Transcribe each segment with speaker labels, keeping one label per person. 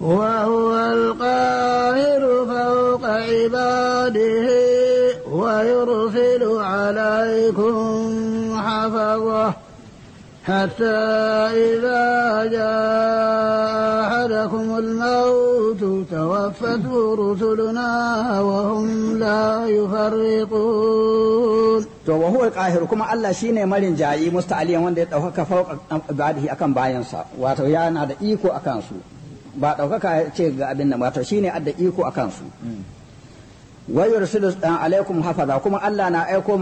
Speaker 1: وهو القاهر فوق عباده ويرسل عليكم حفظه حتى إذا جاء أحدكم الموت توفته رسلنا وهم لا
Speaker 2: يفرقون to wa huwa qahir kuma Allah shine marin jayi musta'aliyan wanda ya dauka fauka ibadihi akan bayansa wato yana da iko akan su ba daukaka ce ga abin nan wato shine adda iko akan su wa yursilu eh, alaikum hafaza kuma Allah na aiko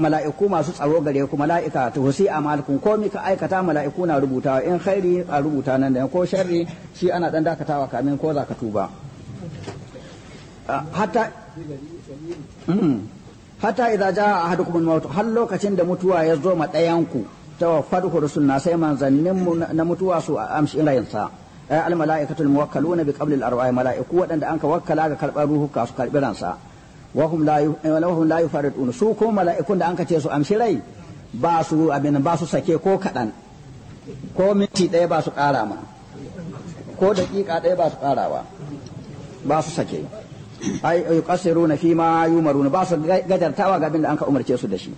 Speaker 2: mala'iku masu tsaro gare ku mala'ika to husi amalkum ko mi ka aikata mala'iku na rubuta in khairi a rubuta nan da ko sharri shi ana dan dakatawa kamin ko za ka tuba ah, hatta hmm. hatta idza jaa ahadukum al-maut har lokacin da mutuwa ya zo ma ɗayan ku tawaffatuhu rusulna sai manzannin mu na mutuwa su amshi sa eh, al malaikatu al muwakkaluna bi qabli al arwah malaiku wadanda anka wakkala ga karbar ruhu ka su karbi sa wa hum la eh, wa hum la yufaridun su ko malaikun da anka ce su amshi rai ba su abin ba su sake ko kadan ko minti ɗaya ba su ƙara ma ko daƙiƙa ɗaya ba su ƙarawa ba su sake ai yuqassiruna fi ma yumarun ba su gadartawa ga abin da an ka umarce su da shi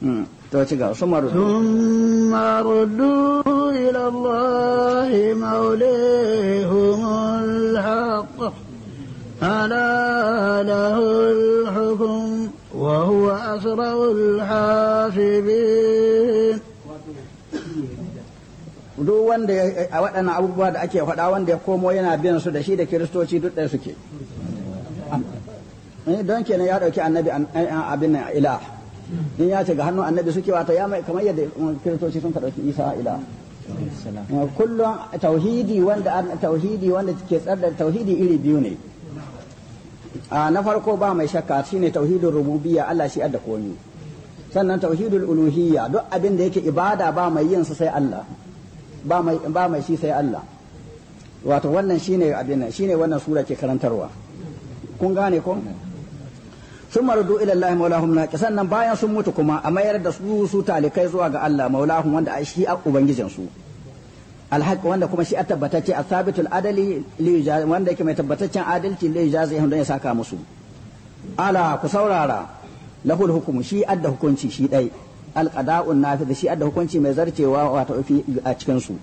Speaker 2: hmm. to ci ga sun marudu ثم ردوا إلى
Speaker 1: الله موليهم الحق ألا له الحكم وهو أسرع
Speaker 2: الحاسبين duk wanda a waɗannan abubuwa da ake faɗa wanda ya komo yana biyan su da shi da kiristoci duk ɗaya suke Eh, don kenan ya dauki annabi eh, eh, abin nan ila in ya ce ga hannun annabi suke wata ya mai kamar yadda um, kiristoci sun ka dauki isa ila kullum tauhidi wanda tauhidi wanda ke tsada tauhidi iri biyu ne na farko ba mai shakka shine tauhidul rububiyya Allah shi adda komi sannan tauhidul uluhiyya duk abin da yake ibada ba mai yin sa sai Allah ba mai ba mai shi sai Allah wato wannan shine abin nan shine wannan sura ke karantarwa kun gane ko sun marudu ila Allah maulahum na sannan bayan sun mutu kuma a mayar da su su talikai zuwa ga Allah maulahum wanda shi a ubangijin su alhaq wanda kuma shi a tabbatacce a sabitul adali wanda yake mai tabbataccen adalci li yujazi don ya saka musu ala ku saurara lahul hukum shi adda hukunci shi dai alqada'un nafiz shi adda hukunci mai zarcewa wato a cikin su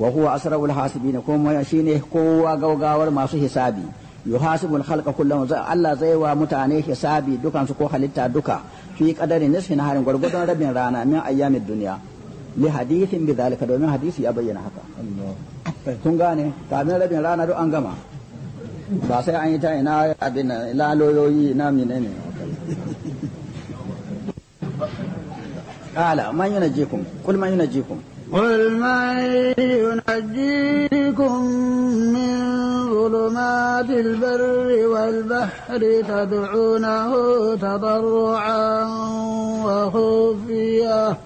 Speaker 2: wa huwa asrarul hasibin kuma shine kowa gaugawar masu hisabi yuhasibul khalqa kullum Allah zai wa mutane hisabi dukansu ko halitta duka fi qadari nisfin harin gwargwadon rabin rana min ayyamin duniya li hadithin domin hadisi ya bayyana haka kun gane kamin rabin rana duk an gama ba sai an yi ta ina abin laloyoyi menene قل من
Speaker 1: ينجيكم من ظلمات البر والبحر تدعونه تضرعا وخفيه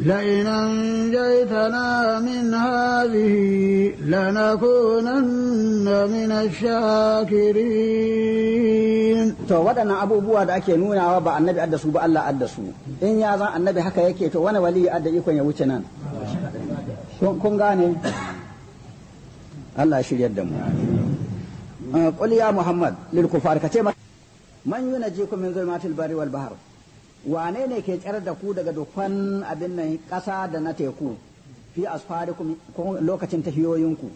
Speaker 1: لئن أنجيتنا من هذه لنكونن من
Speaker 2: الشاكرين تو ودنا أبو بوا دا أكي نونا وابا النبي أدسو با الله أدسو إن يازا النبي حكا يكي تو وانا ولي أدى يكون يوچنان كون غاني الله يشير يدمو قل يا محمد للكفار كتما من ينجيكم من ظلمات البر والبحر wane ne ke tsar da ku daga dukkan abin nan ƙasa da na teku fi asfarikum lokacin tahiyoyinku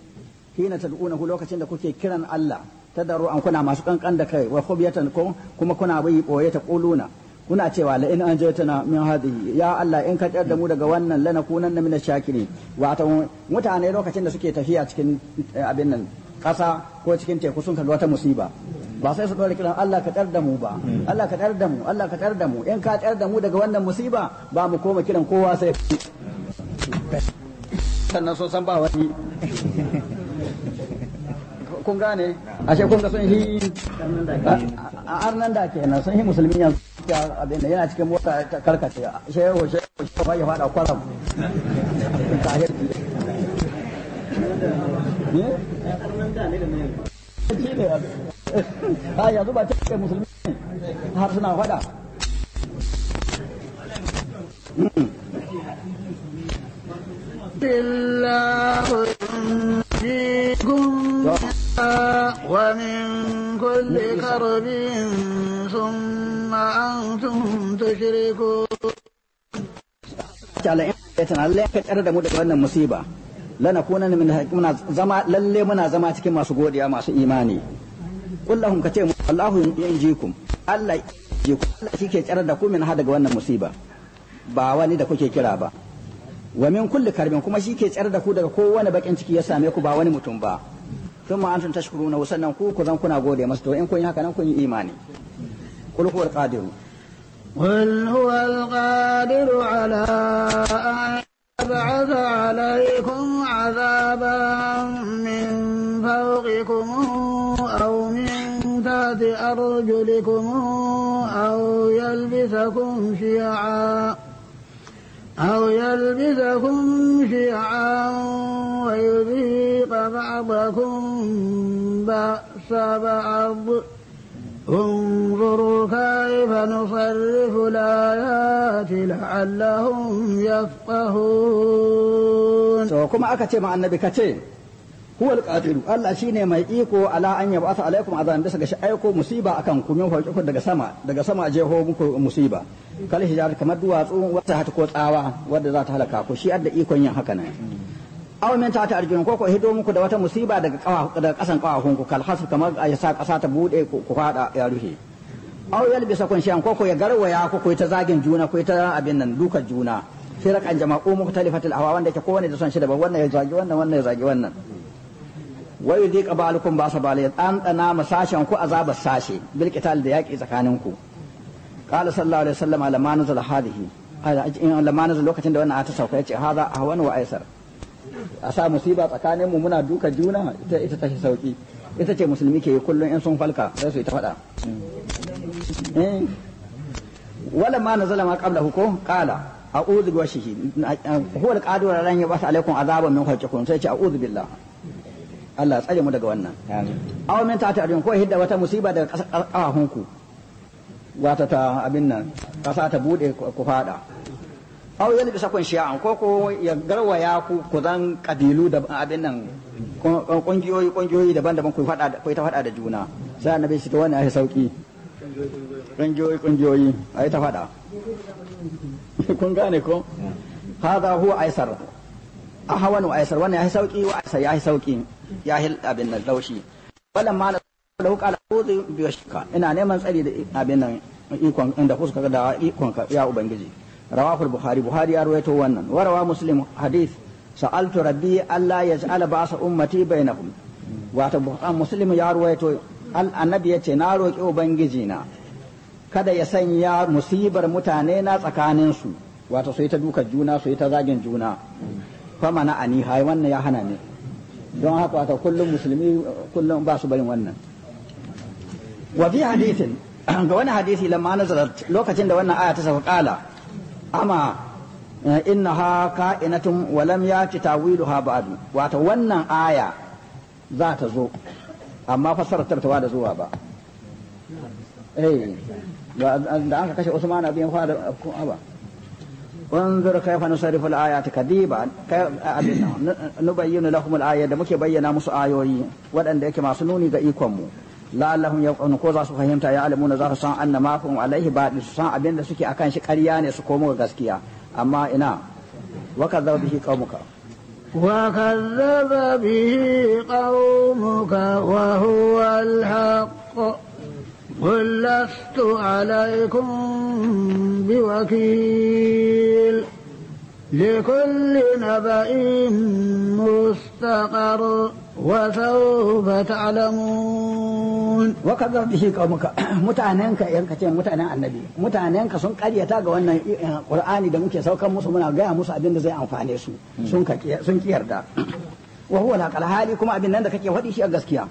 Speaker 2: hina tad'unahu lokacin da kuke kiran Allah tadaru an kuna masu kankan da kai wa khubiyatan ko kuma kuna bai boye ta quluna kuna cewa la in anjaytana min hadhihi ya Allah in ka tsar da mu daga wannan lana lanakunanna min shakirin wato mutane lokacin da suke tafiya cikin eh, abin nan ƙasa ko cikin teku sun kalli wata musiba ba sai su ɗora kiran Allah ka tsar da mu ba Allah ka tsar da mu Allah ka tsar da mu in ka tsar da mu daga wannan musiba ba mu koma kiran kowa sai sannan so san ba wani kun gane ashe kun ga sun yi arnan da kenan sun yi musulmi yanzu abinda yana cikin mota ta karkace ya fada kwaram ta hirki yanzu ba ce kai musulmi ne har suna fada lanakuna min muna zama lalle muna zama cikin masu godiya masu imani qul lahum kace Allahu yanjikum Allah yanjikum Allah ke tsare da ku min ha daga wannan musiba ba wani da kuke kira ba wa min kulli karbin kuma shi ke tsare da ku daga kowane bakin ciki ya same ku ba wani mutum ba thumma antum tashkuruna sannan ku ku zan kuna godiya masu to in kun yi haka nan kun yi imani qul huwal qadiru قل هو
Speaker 1: القادر على بعث عليكم عذابا من فوقكم أو من تحت أرجلكم أو يلبسكم شيعا أو يلبسكم شيعا ويذيق بعضكم بأس بعض انظروا كيف نصرف الآيات
Speaker 2: لعلهم يفقهون so, كما أكتي مع النبي كتي هو القادر الله شيني ما يقو على أن يبعث عليكم عذاب بس ga aiko musiba akan ku min daga sama daga sama je musiba kal hijar kamar duwatsu wata ta ko tsawa wadda za ta halaka ku shi adda ikon yin haka nan aw min ta arjun ko ko hido muku da wata musiba daga daga kasan kawahun ku kalhasu kamar ya sa kasa ta bude ku fada ya ruhe aw yalbisa kun shan ko ko ya garwaya ku ko ta zagin juna ko ta abin nan duka juna firqan jama'u mukhtalifatil awa wanda yake kowanne da son shi daban wannan ya zagi wannan wannan ya zagi wannan wa yudhiqa ba'alukum ba'sa ba'al an dana masashan ku azabar sashe bil qital da yaki tsakanin ku qala sallallahu alaihi wasallam ala manzal hadhihi ala in lamana lokacin da wannan ta sauka yace hada ahwan wa aisar a sa musiba tsakanin mu muna duka juna ita ita take sauki ita ce musulmi ke kullum in sun falka sai su ita fada
Speaker 3: hmm.
Speaker 2: eh. wala ma zalama ma hu ko qala a'udhu bi washihi huwa al-qadir lan yabas alaykum azaban min khalqikum sai ce a'udhu billah Allah tsare mu daga wannan aw min ta ta'dun ko hidda wata musiba daga kafafun ku wata ta abin nan kasa ta bude ku fada aw yana bisa kun shi'an ko koko ya garwaya ku ku zan kabilu da abin nan kungiyoyi kungiyoyi daban-daban ku fada ku ta fada da juna sai annabi shi to wani ai sauki kungiyoyi kungiyoyi ai ta fada kun gane ko hada huwa aisar ahwanu aisar wannan ai sauki wa aisar ya sauki ya hil abin nan laushi wannan ma lahu qala biyar bi washka ina neman tsari da abin nan ikon inda fuska da ikon ka ya ubangiji رواه البخاري بخاري أرويته ونن وروى مسلم حديث سألت ربي ألا يجعل بعض أمتي بينهم wato muslim ya ruwaito annabi ya ce na roƙi kada ya sanya musibar mutane na tsakaninsu wato sai ta duka juna sai ta zagin juna fama na ani hai wannan ya hana ne don haka wato kullum musulmi kullum ba su barin wannan wa fi hadithin ga wani hadisi lamma nazarat lokacin da wannan aya ta saka kala amma eh, innaha ka'inatun walam yati tawiluha ba'du wato wannan aya za ta zo amma fasarar tartawa da zuwa ba eh da aka kashe Usman abin fara ba انظر كيف نصرف الآيات كذيبا نبين لهم الآية da muke bayyana musu ayoyi waɗanda yake masu nuni ga ikonmu la'allahum yaqunu ko za su fahimta ya alamuna za su san anna ma hum alaihi ba su san abin da suke akan shi ƙarya ne su komo ga gaskiya amma ina wa kadzaba bihi qaumuka wa
Speaker 1: kadzaba bihi qaumuka wa huwa al-haqq قل لست عليكم بوكيل لكل نبأ
Speaker 2: مستقر وسوف تعلمون وكذب به قومك متاننك yanka ce mutanen annabi mutanenka sun karyata ga wannan qur'ani da muke saukan musu muna gaya musu abin da zai amfane su sun ka sun kiyarda wa huwa la hali kuma abin nan da kake faɗi shi a gaskiya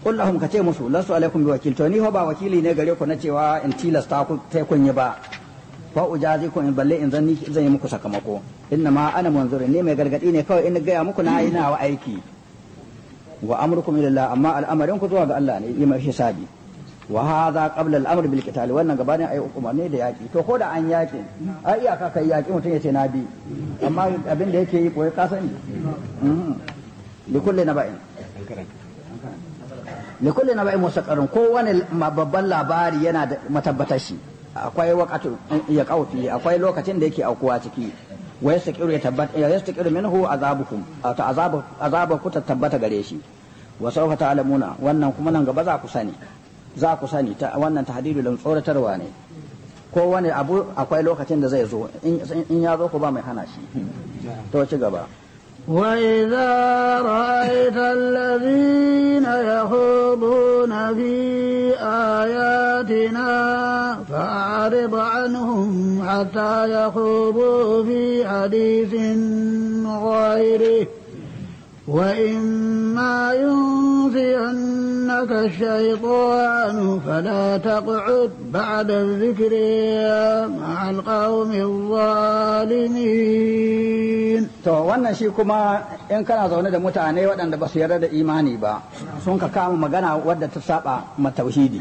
Speaker 2: qul lahum kace musu lasu alaikum bi wakil to ni ho ba wakili ne gare ku na cewa in tilasta ku kun yi ba fa ujazi ku in balle in zanni zan yi muku sakamako inna ma ana munzirin ne mai gargadi ne kawai in ga muku na yi nawa aiki wa amrukum ila amma al'amarin ku zuwa ga Allah ne yi mai hisabi wa za qabla al-amr bil qital wannan gabanin ayi umarni da yaki to ko da an yaki a iyaka kai yaki mutum ya ce na bi amma abin da yake yi ko ka sani mm-hmm. li kulli naba'in li kulli naba'in ko wani babban labari yana da matabbatar shi akwai waqatu ya qawfi akwai lokacin da yake aukuwa ciki wa ya minhu azabukum to azabu azabaku ta tabbata gare shi wa sawfa ta'lamuna wannan kuma nan gaba za ku sani za ku sani ta wannan tahdidu lam tsoratarwa ne ko wani abu akwai lokacin da zai zo in ya zo ku ba mai hana shi to ci gaba وإذا رأيت الذين يخوضون
Speaker 1: في آياتنا فأعرض عنهم حتى يخوضوا في حديث غيره وإما ينفينك الشيطان فلا تقعد بعد الذكر مع
Speaker 2: القوم الظالمين to wannan shi kuma in kana zaune da mutane waɗanda ba su yarda da imani ba sun ka kama magana wadda ta saba ma tauhidi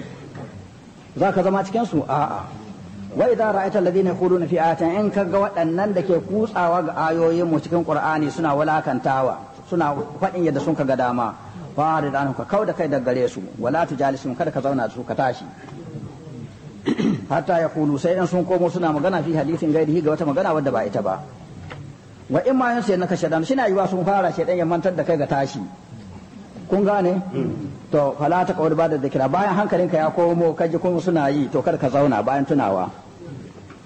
Speaker 2: za ka zama cikin su a'a wa idza ra'aita alladhina yaquluna fi ayatin in ka ga waɗannan da ke kutsawa ga ayoyin mu cikin qur'ani suna walakantawa suna faɗin yadda sun ga dama fara da ka kau da kai daga gare su wala tu jalisu kada ka zauna su ka tashi hatta ya kulu sai in sun komo suna magana fi hadisin gairihi ga wata magana wadda ba ita ba wa in ma yansu naka shina yiwa sun fara shi ya mantar da kai ga tashi kun gane mm. to fala ta kawar ba da kira bayan hankalinka ya komo kaji kuma suna yi to kada ka zauna bayan tunawa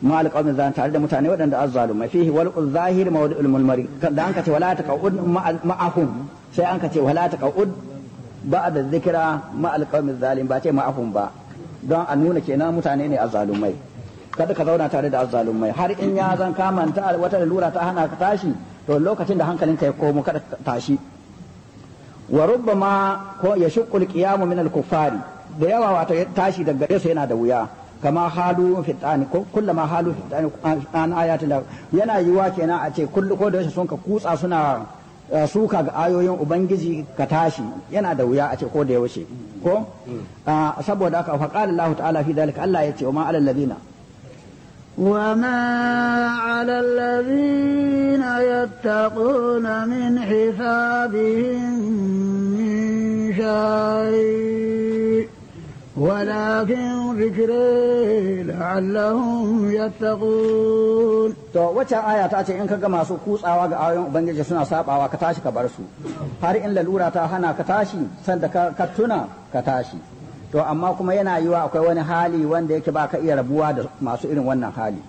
Speaker 2: ma alqawmi zan tare da mutane waɗanda azzalumai fihi wal zahir mawdu'ul mulmari da an kace wala taqud ma'ahum sai an kace wala taqud ba'da dhikra ma alqawmi zalim ba ce ma'ahum ba don a nuna kenan mutane ne azzalumai kada ka zauna tare da azzalumai har in ya zan kamanta wata lura ta hana ka tashi to lokacin da hankalinka ya komo kada ka tashi wa rubbama ko ya shukul qiyamu min al-kuffari da yawa wato tashi daga gare yana da wuya kama halu yana yiwa kenan a ce kullu ko da sun ka kutsa suna eh, suka ga ayoyin ubangiji ka tashi yana da wuya a ce ko da ya wuce ko mm. ah, saboda haka fa qala Allah ta'ala fi dalika Allah ya wa ma alal ladina
Speaker 1: وما على الذين يتقون من حسابهم من شيء
Speaker 2: ولكن ذكري لعلهم يتقون to wacce aya ta ce in kaga masu kutsawa ga ayoyin ubangiji suna sabawa ka tashi ka bar su har in lalura ta hana ka tashi sanda ka tuna ka tashi to amma kuma yana yiwa akwai wani hali wanda yake baka iya rabuwa da masu irin wannan hali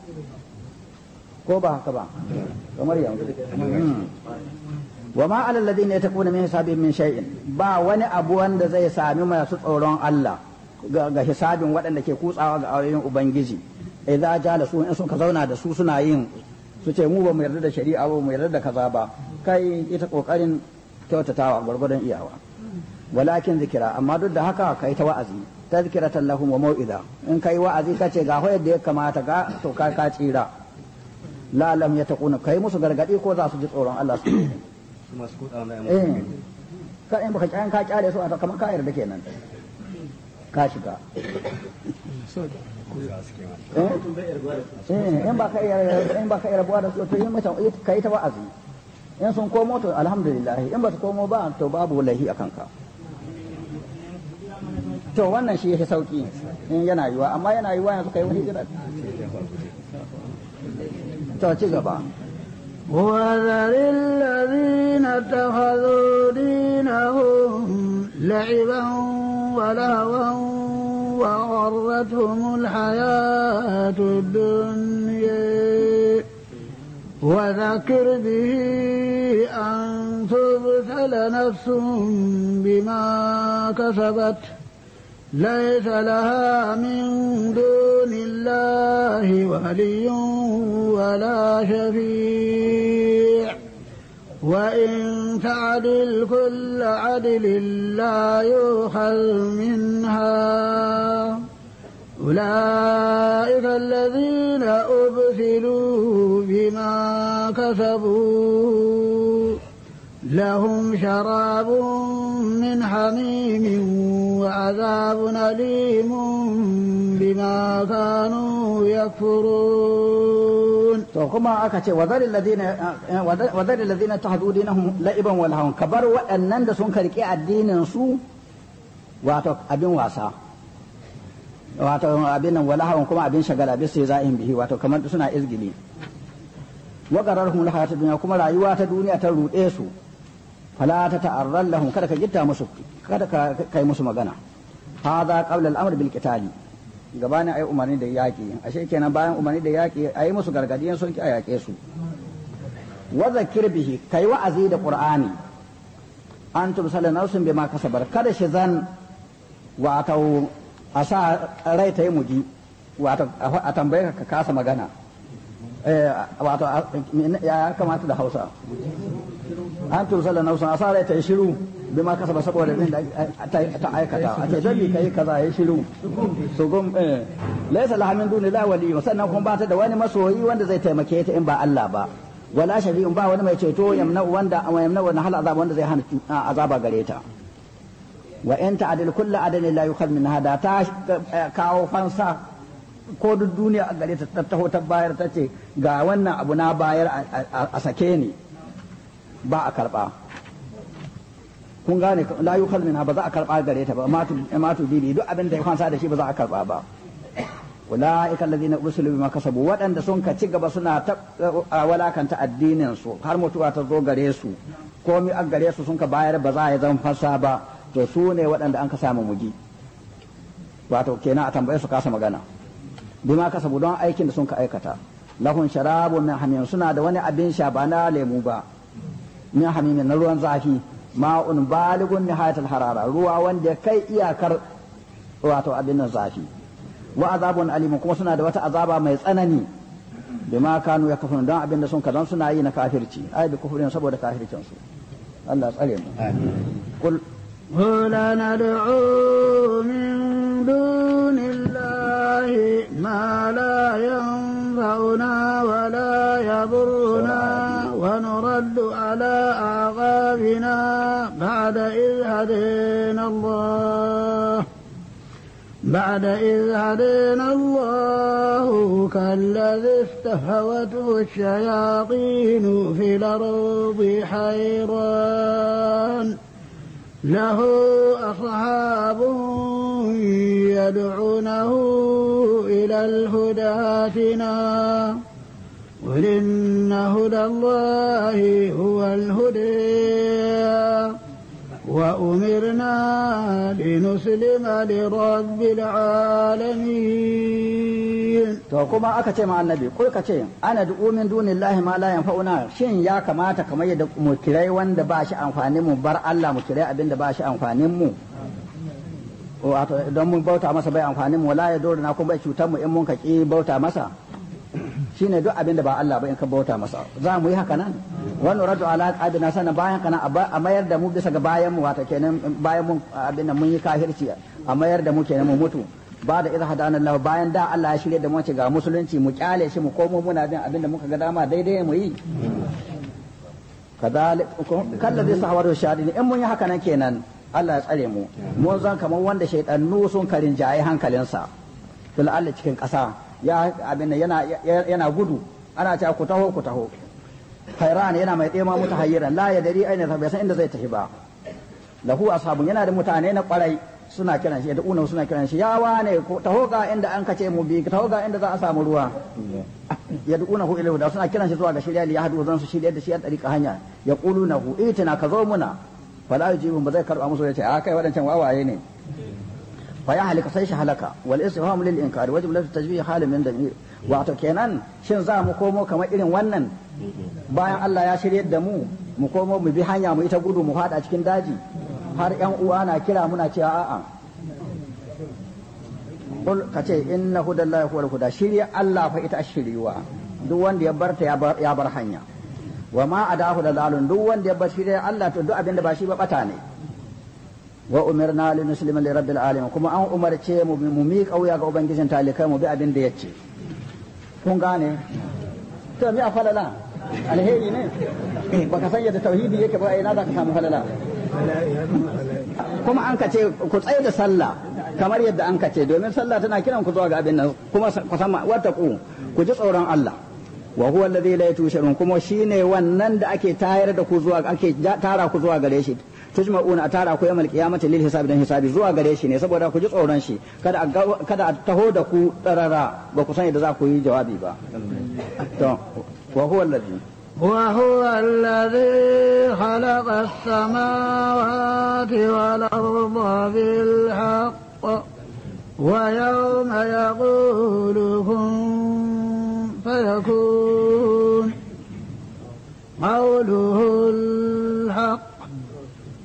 Speaker 2: ko ba haka ba kamar yanzu hmm. wa ma alal ladina yatakuna min hisabihim min shay'in ba wani abu wanda zai sami masu tsoron Allah ga hisabin waɗanda ke kutsawa ga ayoyin ubangiji da su in sun ka zauna da su suna yin su ce mu ba mu yarda da shari'a ba mu yarda da kaza ba kai ita kokarin kyautatawa gwargwadon iyawa walakin zikira amma duk da haka kai ta wa'azi ta zikira tallahu wa mau'iza in kai wa'azi ka ce ga hoya da ya kamata ga to ka ka tsira la lam yataquna kai musu gargadi ko za su ji tsoron Allah su
Speaker 3: masu kudawa na eh.
Speaker 2: ka in baka kyan ka kyale su a kamar ka yarda kenan ka shiga eh,
Speaker 3: in ba ka iya in
Speaker 2: ba ka iya rabuwa da su to yin mata ka yi ta wa'azi in sun komo to alhamdulillah in ba su komo ba to babu lahi a kanka to wannan shi yake sauki in yana yiwa amma yana yiwa yanzu kai wani hijira. to ci gaba وذر الذين
Speaker 1: اتخذوا دينهم لعبا ولهوا وغرتهم الحياة الدنيا وذكر به أن تبتل نفس بما كسبت
Speaker 2: ليس لها
Speaker 1: من دون الله ولي ولا شفيع وإن تعدل كل عدل لا يؤخذ منها أولئك الذين أبسلوا بما كسبوا لهم شراب من حميم وعذاب أليم بما كانوا يكفرون
Speaker 2: to kuma aka ce wadar alladhina tahdhu dinahum la'iban wal hawan kabar waɗannan da sun karki addinin wato abin wasa wato abin nan kuma abin shagala bi sai za'in bihi wato kamar suna izgili wa qararhum al kuma rayuwa ta duniya ta ruɗe su fala ta ta'arran lahum kada ka gitta kada ka kai musu magana hadha qabla al-amr bil qitali gabanin umarni da yaƙi ashe kenan bayan umarni da yaƙi ai musu gargadiyan sun ki a su wa zakir kai wa'azi da qur'ani antum sallallahu sun bima kasabar kada shi zan wato a sa rai ta yi muji wato a tambaye ka kasa magana Eh, wato ya kamata da hausa an tursala nausun a sa ta yi shiru bi ma kasa ba saboda bin da ta aikata a ce don kai kaza shiru su gum eh, lahamin duni la wali sannan kuma ba ta da wani masoyi wanda zai taimake ta in ba Allah ba wala shafi'un ba wani mai ceto yamna wanda yamna wani hal azaba wanda zai hana azaba gare ta wa in ta'dil kullu adalin la yukhad min hada ta eh, kawo fansa ko duk duniya a gare ta ta taho ta bayar ta ce ga wannan abu na bayar a sake ni ba a karba kun gane la yukhal minha ba za a karba gare ta ba matu bibi duk abin da ya kwansa da shi ba za a karba ba ulaika alladhina ursilu bima kasabu waɗanda sun ka ci gaba suna ta walakanta addinin su har mutuwa ta zo gare su komi a gare su sun ka bayar ba za a yi zan fasa ba to su ne waɗanda an ka samu mugi wato kenan a tambaye su kasa magana bima sabu don aikin da sun ka aikata lahun sharabu min hamim suna da wani abin sha ba na lemu ba min hamimin na ruwan zafi ma'un baligun nihayatul harara ruwa wanda kai iyakar wato abin nan zafi wa azabun alim kuma suna da wata azaba mai tsanani bima kanu ya kafin don abin da sun ka don suna yi na kafirci ai bi kufurin saboda kafircin su Allah tsare mu amin قل ندعو من
Speaker 1: دون الله ما لا ينفعنا ولا يضرنا ونرد على أعقابنا بعد إذ هدينا الله بعد إذ هدينا الله كالذي استهوته الشياطين في الأرض حيران له أصحاب يدعونه إلى الهدى فينا قل إن هدى الله هو الهدي Wa da لنسلم da
Speaker 2: العالمين to kuma aka ce ma annabi kul ka ce ana du'u min dunillahi ma la yanfa'una shin ya kamata kamar yadda mu kirai wanda ba shi bar Allah mu abinda ba shi amfanin mu wato don mun bauta masa bai amfanin wala ya dora kuma bai cutar mu in mun kaki bauta masa shine duk abin da ba Allah ba in ka bauta masa za mu yi haka nan wannan radu ala qadina sana bayan kana a mayar da mu bisa ga bayan mu wata kenan bayan mu abin nan mun yi kafirci a mayar da mu kenan mu mutu ba da idza hadana Allah bayan da Allah ya shirye da mu ce ga musulunci mu kyale shi mu komo muna bin abin da muka ga dama daidai mu yi kadalik kallazi sahawatu shadin in mun yi haka nan kenan Allah ya tsare mu mun zan kamar wanda shaytanu sun karin jaye hankalinsa fil Allah cikin ƙasa ya abin yana yana gudu ana cewa ku taho ku taho hayran yana mai tsema mutu hayran la ya dari aina bai san inda zai tafi ba lahu ashabun yana da mutane na kwarai suna kiran shi da una suna kiran shi ya wane taho ga inda an kace mu bi taho ga inda za a samu ruwa ya duuna hu ilahu da suna kiran shi zuwa ga shirya ya hadu zan su shirya da shi a dariƙa hanya ya na hu itina ka zo muna fala yujibun ba zai karba musu ce a kai wadancan wawaye ne fa ya halika sai shi halaka wal istifham lil inkar wajib la tajbih halin min damir wato kenan shin za mu komo kamar irin wannan bayan Allah ya shirye da mu mu komo mu bi hanya mu ita gudu mu fada cikin daji har yan uwa na kira muna cewa a'a qul kace inna hudallahi huwal huda shirye Allah fa ita shiriwa duk wanda ya barta ya bar hanya wa ma adahu dalalun duk wanda ya bar shirye Allah to duk abinda ba shi ba bata ne wa umirna li nuslima li rabbil alamin kuma an umarce mu mu mi kauya ga ubangijin talikai mu bi abin da yace kun gane to mi afalala alheri ne baka san yadda tauhidi yake ba ina ka samu falala kuma an kace ku tsaye da sallah kamar yadda an kace domin sallah tana kiran ku zuwa ga abin nan kuma ku san wata ku ku ji tsoron Allah wa huwa alladhi la yatushirun kuma shine wannan da ake tayar da ku zuwa ake tara ku zuwa gare shi tujma'una a tara ku yamal qiyamati lil hisabi dan hisabi zuwa gare shi ne saboda ku ji tsoron shi kada kada a taho da ku tsarara ba ku san yadda za ku yi jawabi ba to wa huwa alladhi وهو الذي خلق
Speaker 1: السماوات والأرض بالحق ويوم يقول كن فيكون قوله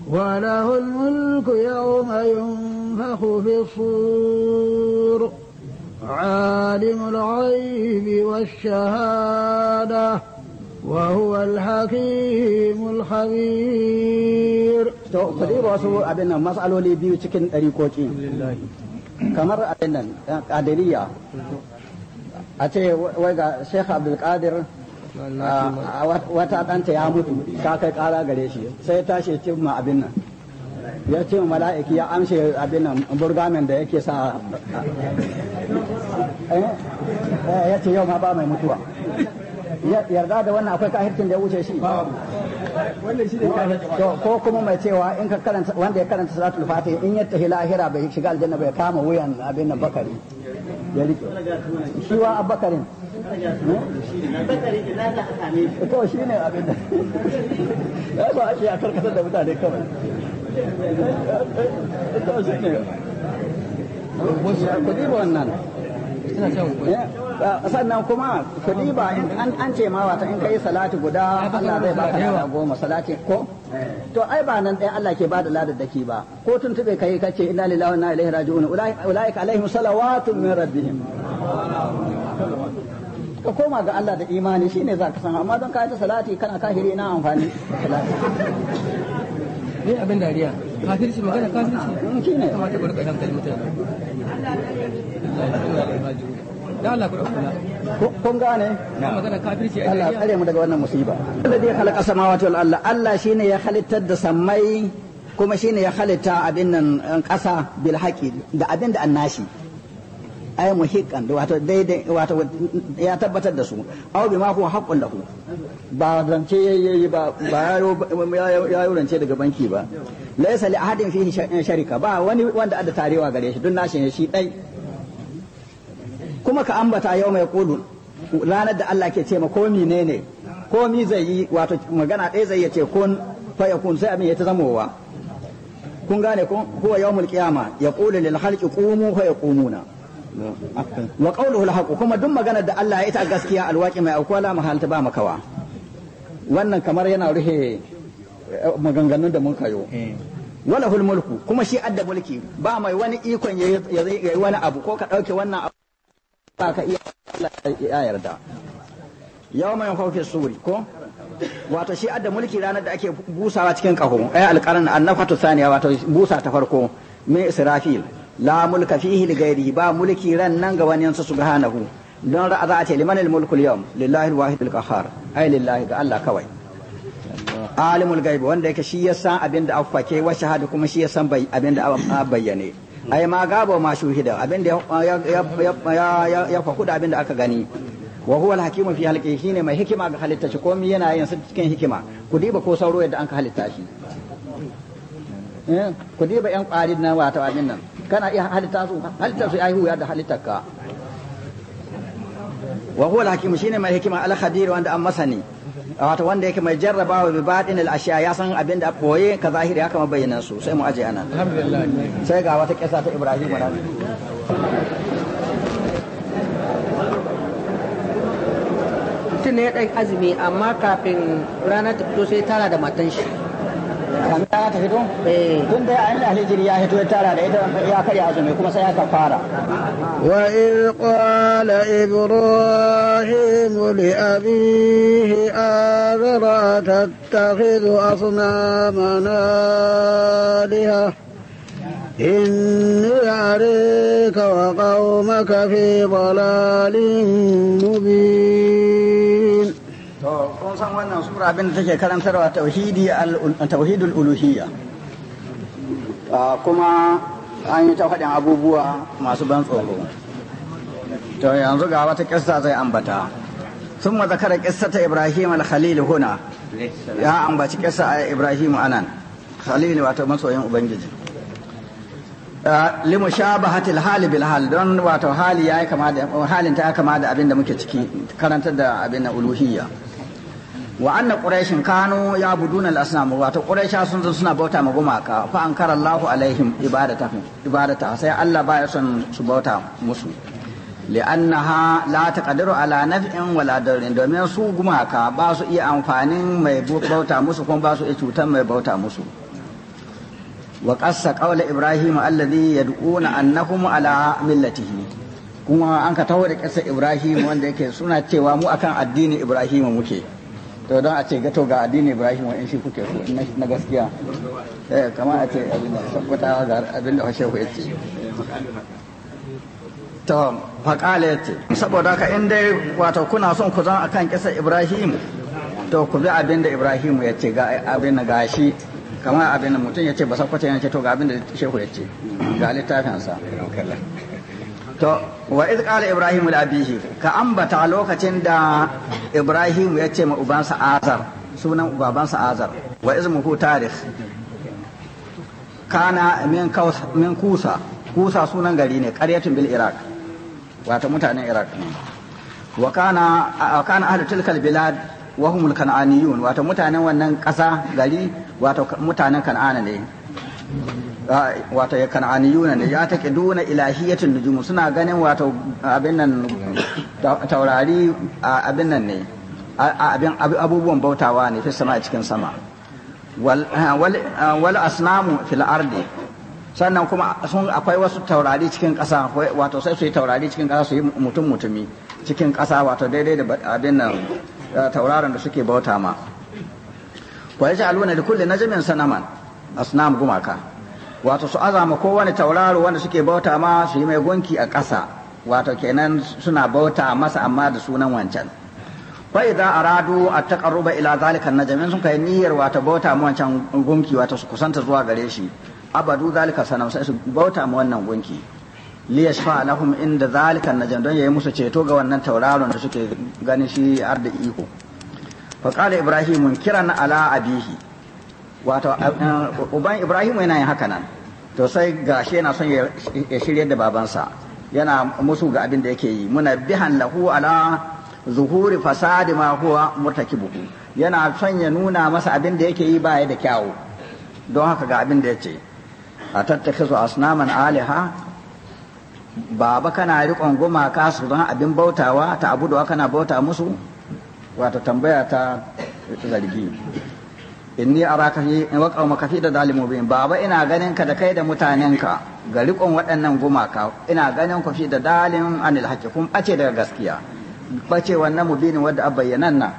Speaker 1: وله الملك يوم ينفخ في الصور عالم الغيب
Speaker 2: والشهادة وهو الحكيم الخبير wasu abin nan matsaloli biyu cikin ɗariƙoƙi kamar abin nan eh, a ce wai ga Sheikh wata ɗanta ya mutu ta kai ƙara gare shi sai ta tashi ce ma abin nan ya ce ma mala'iki ya amshe abin nan burgamen da yake sa eh, eh, ya ce yau ma ba mai mutuwa yarda da wannan akwai kahirkin da ya wuce shi ko kuma mai cewa in ka karanta wanda ya karanta salatul fatiha in ya tahi lahira bai shiga aljanna bai kama wuyan abin nan bakari ya rike shi wa abakarin to shi ne abin da ya ba a karkatar da mutane kawai to shi ne wannan sannan kuma ku an ce ma wata in kai salati guda Allah zai baka lada goma salati ko to ai ba nan ɗaya Allah ke da ke ba ko tuntube kai kace inna lillahi wa inna ilaihi raji'un ulaika alaihim salawatun min rabbihim ka koma ga Allah da imani shine za ka san amma don ka ta salati kana kafiri na amfani salati ne abin dariya magana mm, da Allah kun gane magana a Allah sammai kuma shine ya halitta abin nan ƙasa bil haqi da abin da annashi ay da wato daidai wato ya tabbatar da su aw bima huwa haqqun lahu ba zance yayi ba ba ya rance daga banki ba laysa li ahadin fihi sharika ba wani wanda adda tarewa gare shi dun nashi ne shi dai kuma ka ambata yau mai kulu ranar da Allah ke ce ma ko ne ko mi zai yi wato magana ɗaya zai yace kun fa yakun sai abin ya ta zamowa kun gane kun huwa yawmul qiyama yaqulu lil khalqi qumu fa yaqumuna wa qawluhu al kuma duk magana da Allah ya ita gaskiya alwaqi mai aukuwa la mahalta ba makawa wannan kamar yana rufe eh, maganganun da mun kayo eh. wala hul mulku kuma shi adda mulki ba mai wani ikon ya yi wani abu ko ka dauke wannan abu ba ka iya ya yarda yau mai kawfe suri ko wato shi adda mulki ranar da ake busawa cikin kaho ay eh, alqaran annafatu thaniya wato busa ta farko mai israfil la mulka fihi li ghairihi ba mulki ran nan ga wani yansa subhanahu don ra'a za a ce liman al-mulku al-yawm lillahi al-wahid al-qahhar ai lillahi ga Allah kawai alimul ghaib wanda yake shi ya san afake wa shahada kuma shi ya san abinda da bayyane ai ma gabo ma shuhida abinda da ya faku da abinda aka gani wa huwa al-hakimu fi halqi shine mai hikima ga halitta shi komai yana yin su cikin hikima ku diba ko sauro yadda an ka halitta shi ku diba yan kwarin nan wata abin nan kana iya halitta su halitta su yayi da halitta ka wa huwa al-hakim shine mai hikima al-khadir wanda an masani wato wanda yake mai jarrabawa bi badin al-ashiya ya san abin da koye ka zahiri haka ma bayyana su sai mu aje anan alhamdulillah sai ga wata kisa ta Ibrahim nan mutum ne da azumi amma kafin ranar ta fito sai tara da matan shi kamin rana ta fito eh. tun da an alhijiri ya fito ya tara da ita ya karya azumi kuma sai aka fara wa in qala ibrahim
Speaker 1: li abihi azara tattakhidhu asnaman aliha إني أريك وقومك في ضلال مبين
Speaker 2: kun san wannan sura abin da take karantarwa tauhidi tauhidul uluhiyya ah, kuma an yi ta faɗin abubuwa masu ban tsoro to yanzu ga wata kissa zai ambata sun zakara kissa ta ibrahim al-khalil huna ya ambaci kissa a ibrahim anan khalil wato masoyin ubangiji ah, limu shabahatil hali bil hal don wato hali ya kama da halin ta kama da abin da muke ciki karantar da abin na uluhiyya wa anna quraishin kanu buduna al-asnam ta quraisha sun zo suna bauta ma gumaka fa ankara Allahu alaihim ibadatahum ibadata sai Allah baya son su bauta musu li'annaha la taqdiru ala naf'in wala darrin domin su gumaka ba su iya amfanin mai bauta musu kuma ba su iya cutar mai bauta musu wa qassa qawla ibrahim alladhi yad'una annahum ala millatihi kuma an ka tawo da kasa ibrahim wanda yake suna cewa mu akan addinin ibrahim muke to don a ce gato ga addini ibrahim wa'in shi kuke so na gaskiya eh kama a ce abinda da sabbatawa ga abin da hashe ku yace to faqala yace saboda ka in dai wato kuna son ku zan akan kisa ibrahim to ku bi abinda ibrahim ya ce ga abinda ga shi kama abinda mutum ya ce ba sabbata yana ce to ga abinda shehu ya ce ga littafinsa to wa iz qala ibrahim li abihi ka ambata lokacin da ibrahim ya ce ma ubansa azar sunan babansa azar wa ismuhu tarikh kana min kaus min kusa kusa sunan gari ne qaryatun bil iraq wato mutanen iraq ne wa kana kana ahli tilkal bilad wa humul kan'aniyun wato mutanen wannan kasa gari wato mutanen kan'ana ne Ah, wato ya kan'aniyuna ne ya take duna ilahiyatin nujumu suna ganin wato abin nan taurari abin nan ne abin abubuwan bautawa ne fi sama cikin sama ah, ah, wal asnamu fil ardi sannan kuma sun akwai wasu taurari cikin ƙasa wato sai su yi taurari cikin ƙasa su yi mutum mutumi cikin ƙasa wato daidai da abin nan tauraron da suke bauta ma wa yaj'aluna likulli najmin sanaman asnam gumaka wato su azama ko kowane tauraro wanda suke bauta ma su yi mai gunki a ƙasa wato kenan suna bauta masa amma da sunan wancan za a aradu a taƙarruba ila zalika jami'in sun kai niyyar wato bauta ma wancan gunki wato su kusanta zuwa gare shi abadu zalika sanam sai su bauta ma wannan gunki li lahum inda zalika jami'in don yayi musu ceto ga wannan tauraron da suke ganin shi har da iko fa qala ibrahimun kiran ala abihi wato eh, uban ibrahim yana yin haka nan to sai gashi yana son ya shirya da babansa yana musu ga abin da yake yi muna bihan lahu ala zuhuri fasadi ma huwa murtakibuhu yana son ya nuna masa abin da yake yi baya da kyawu don haka ga abin da ce a tattakhizu asnaman aliha baba kana riƙon gumaka su don abin bautawa ta abudu kana bauta musu wata tambaya ta zargi inni araka yi in waka maka fi da zalimu bin baba ina ganin ka da kai da mutanenka ga rikon waɗannan gumaka ina ganin ku fi da dalim anil haqqi kun bace daga gaskiya bace wannan mubinin wanda a bayyanan nan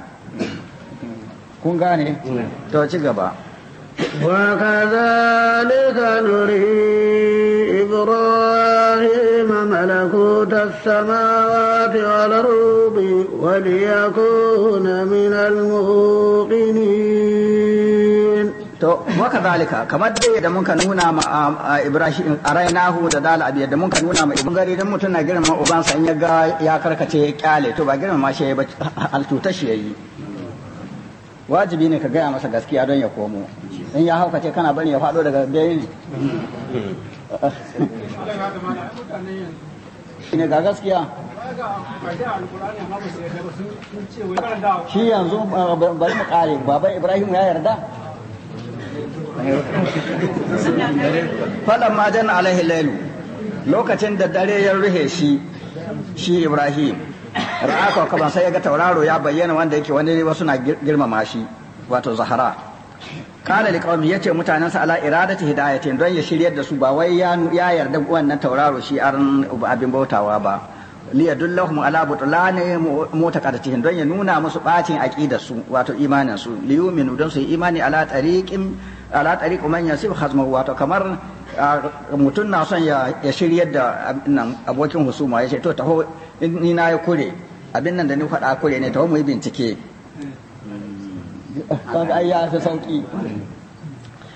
Speaker 2: kun gane to ci gaba
Speaker 1: وكذلك نري إبراهيم ملكوت السماوات والأرض وليكون من
Speaker 2: الموقنين to waka zalika kamar dai da muka nuna ma Ibrahim arainahu da dal abi mun muka nuna ma ibn gari dan mutum na girma uban sa in ya ga ya karkace ya kyale to ba girma ma shi ba altuta shi yayi wajibi ne ka gaya masa gaskiya don ya komo in ya ce kana bari ya fado daga bai ne ne ga gaskiya shi yanzu bari mu kare baban Ibrahim ya yarda falamma majan alaihi lailu lokacin da dare ya ruhe shi shi ibrahim ra'aka kawkaban sai ya ga tauraro ya bayyana wanda yake wani ne wasu na girmama shi wato zahara kana da kawai ya ce sa ala iradati hidayatin don ya shiryar da su ba wai ya ya yarda wannan tauraro shi aran abin bautawa ba mu ala butlani mutaqaddatihin don ya nuna musu bacin aqidar su wato imanin su liyuminu don su yi imani ala tariqin ala tariq man yasib khazmahu wato kamar mutum na son ya shiryar da nan abokin husuma ya ce to taho ni na ya kure abin nan da ni faɗa kure ne taho mu yi bincike kaga ai ya fi sauki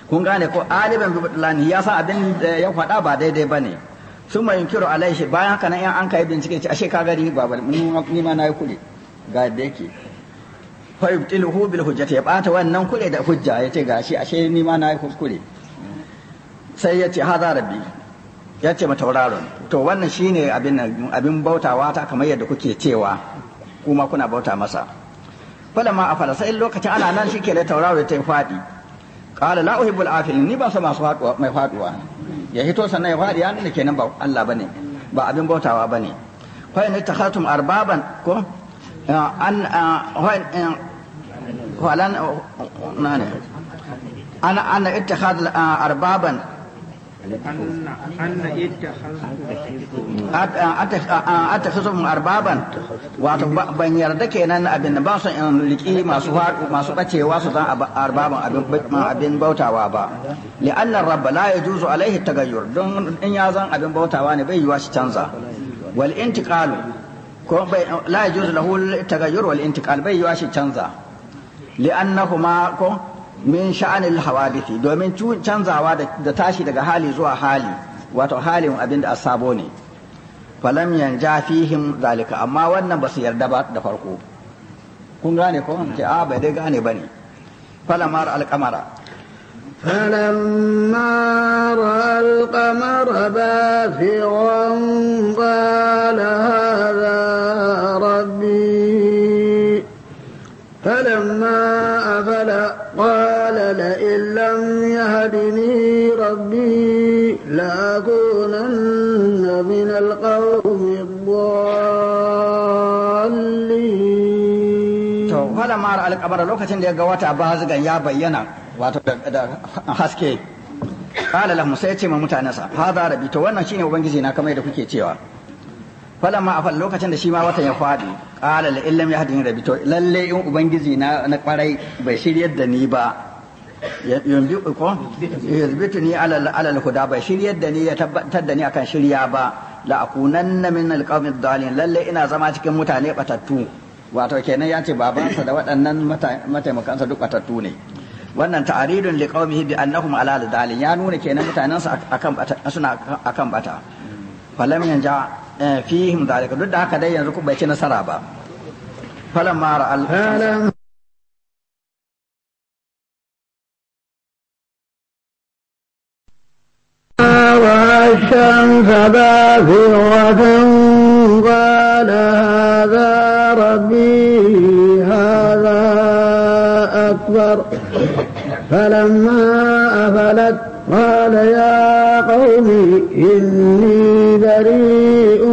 Speaker 2: kun gane ko aliban bi butlani ya sa abin da ya faɗa ba daidai bane sun mai yunkiru alaihi bayan haka nan an kai bincike ce ashe kaga ni ba ni ma na yi kure ga da yake fa yubtiluhu bil hujjati ya bata wannan kure da hujja yace gashi ashe ni ma na kuskure sai yace hadha rabbi yace mata tauraron to wannan shine abin abin bautawa ta kamar yadda kuke cewa kuma kuna bauta masa ma afala sai lokacin ana nan shike da tauraro ta fadi qala la uhibbul afilin ni ba sa masu faduwa mai faduwa ya hito sannan ya fadi ya nuna kenan ba Allah bane ba abin bautawa bane fa in takhatum arbaban ko an falan nane ana ana ittakhad arbaban attakhazum arbaban wato yarda kenan abin ba su in masu masu su zan arbaban abin bautawa ba li'anna rabba la yajuzu alaihi tagayyur don in ya zan abin bautawa ne bai yiwa shi canza wal intiqalu ko bai la yajuzu lahu tagayyur bai canza li'annahuma ko min sha'anil hawadithi domin canzawa da tashi daga hali zuwa hali wato halin abin da asabo ne falam yanja fihim zalika amma wannan ba su yarda ba da farko kun gane ko ke a bai dai gane bane falamar alqamara
Speaker 1: فلما رأى القمر بافغا قال لئن لم يهدني ربي لأكونن من القوم الضالين
Speaker 2: to fala mar alƙabar da ya ga wata da ya wannan shine ubangiji na kamar da kuke cewa falamma afal lokacin da shi ma watan ya fadi ƙala la illam to lalle in ubangiji na na kwarai bai shiryar da ni ba Yan bi eh, ko yuzbitu ni ala ala huda ba shiryar yadda ni ya tabbatar da ni akan shirya ba la akunanna min alqawmi dhalin lalle ina zama cikin mutane batattu wato kenan ya ce babansa da waɗannan mataimakansa duk batattu ne wannan ta'aridun liqaumihi bi annahum ala dhalin ya nuna kenan mutanansa akan suna akan bata falam yanja eh, fihim dhalika duk da haka dai yanzu ku bai ci nasara ba mara falamma ra'al
Speaker 1: الشمس باسرة قال هذا ربي هذا أكبر فلما أفلت قال يا قوم إني
Speaker 2: بريء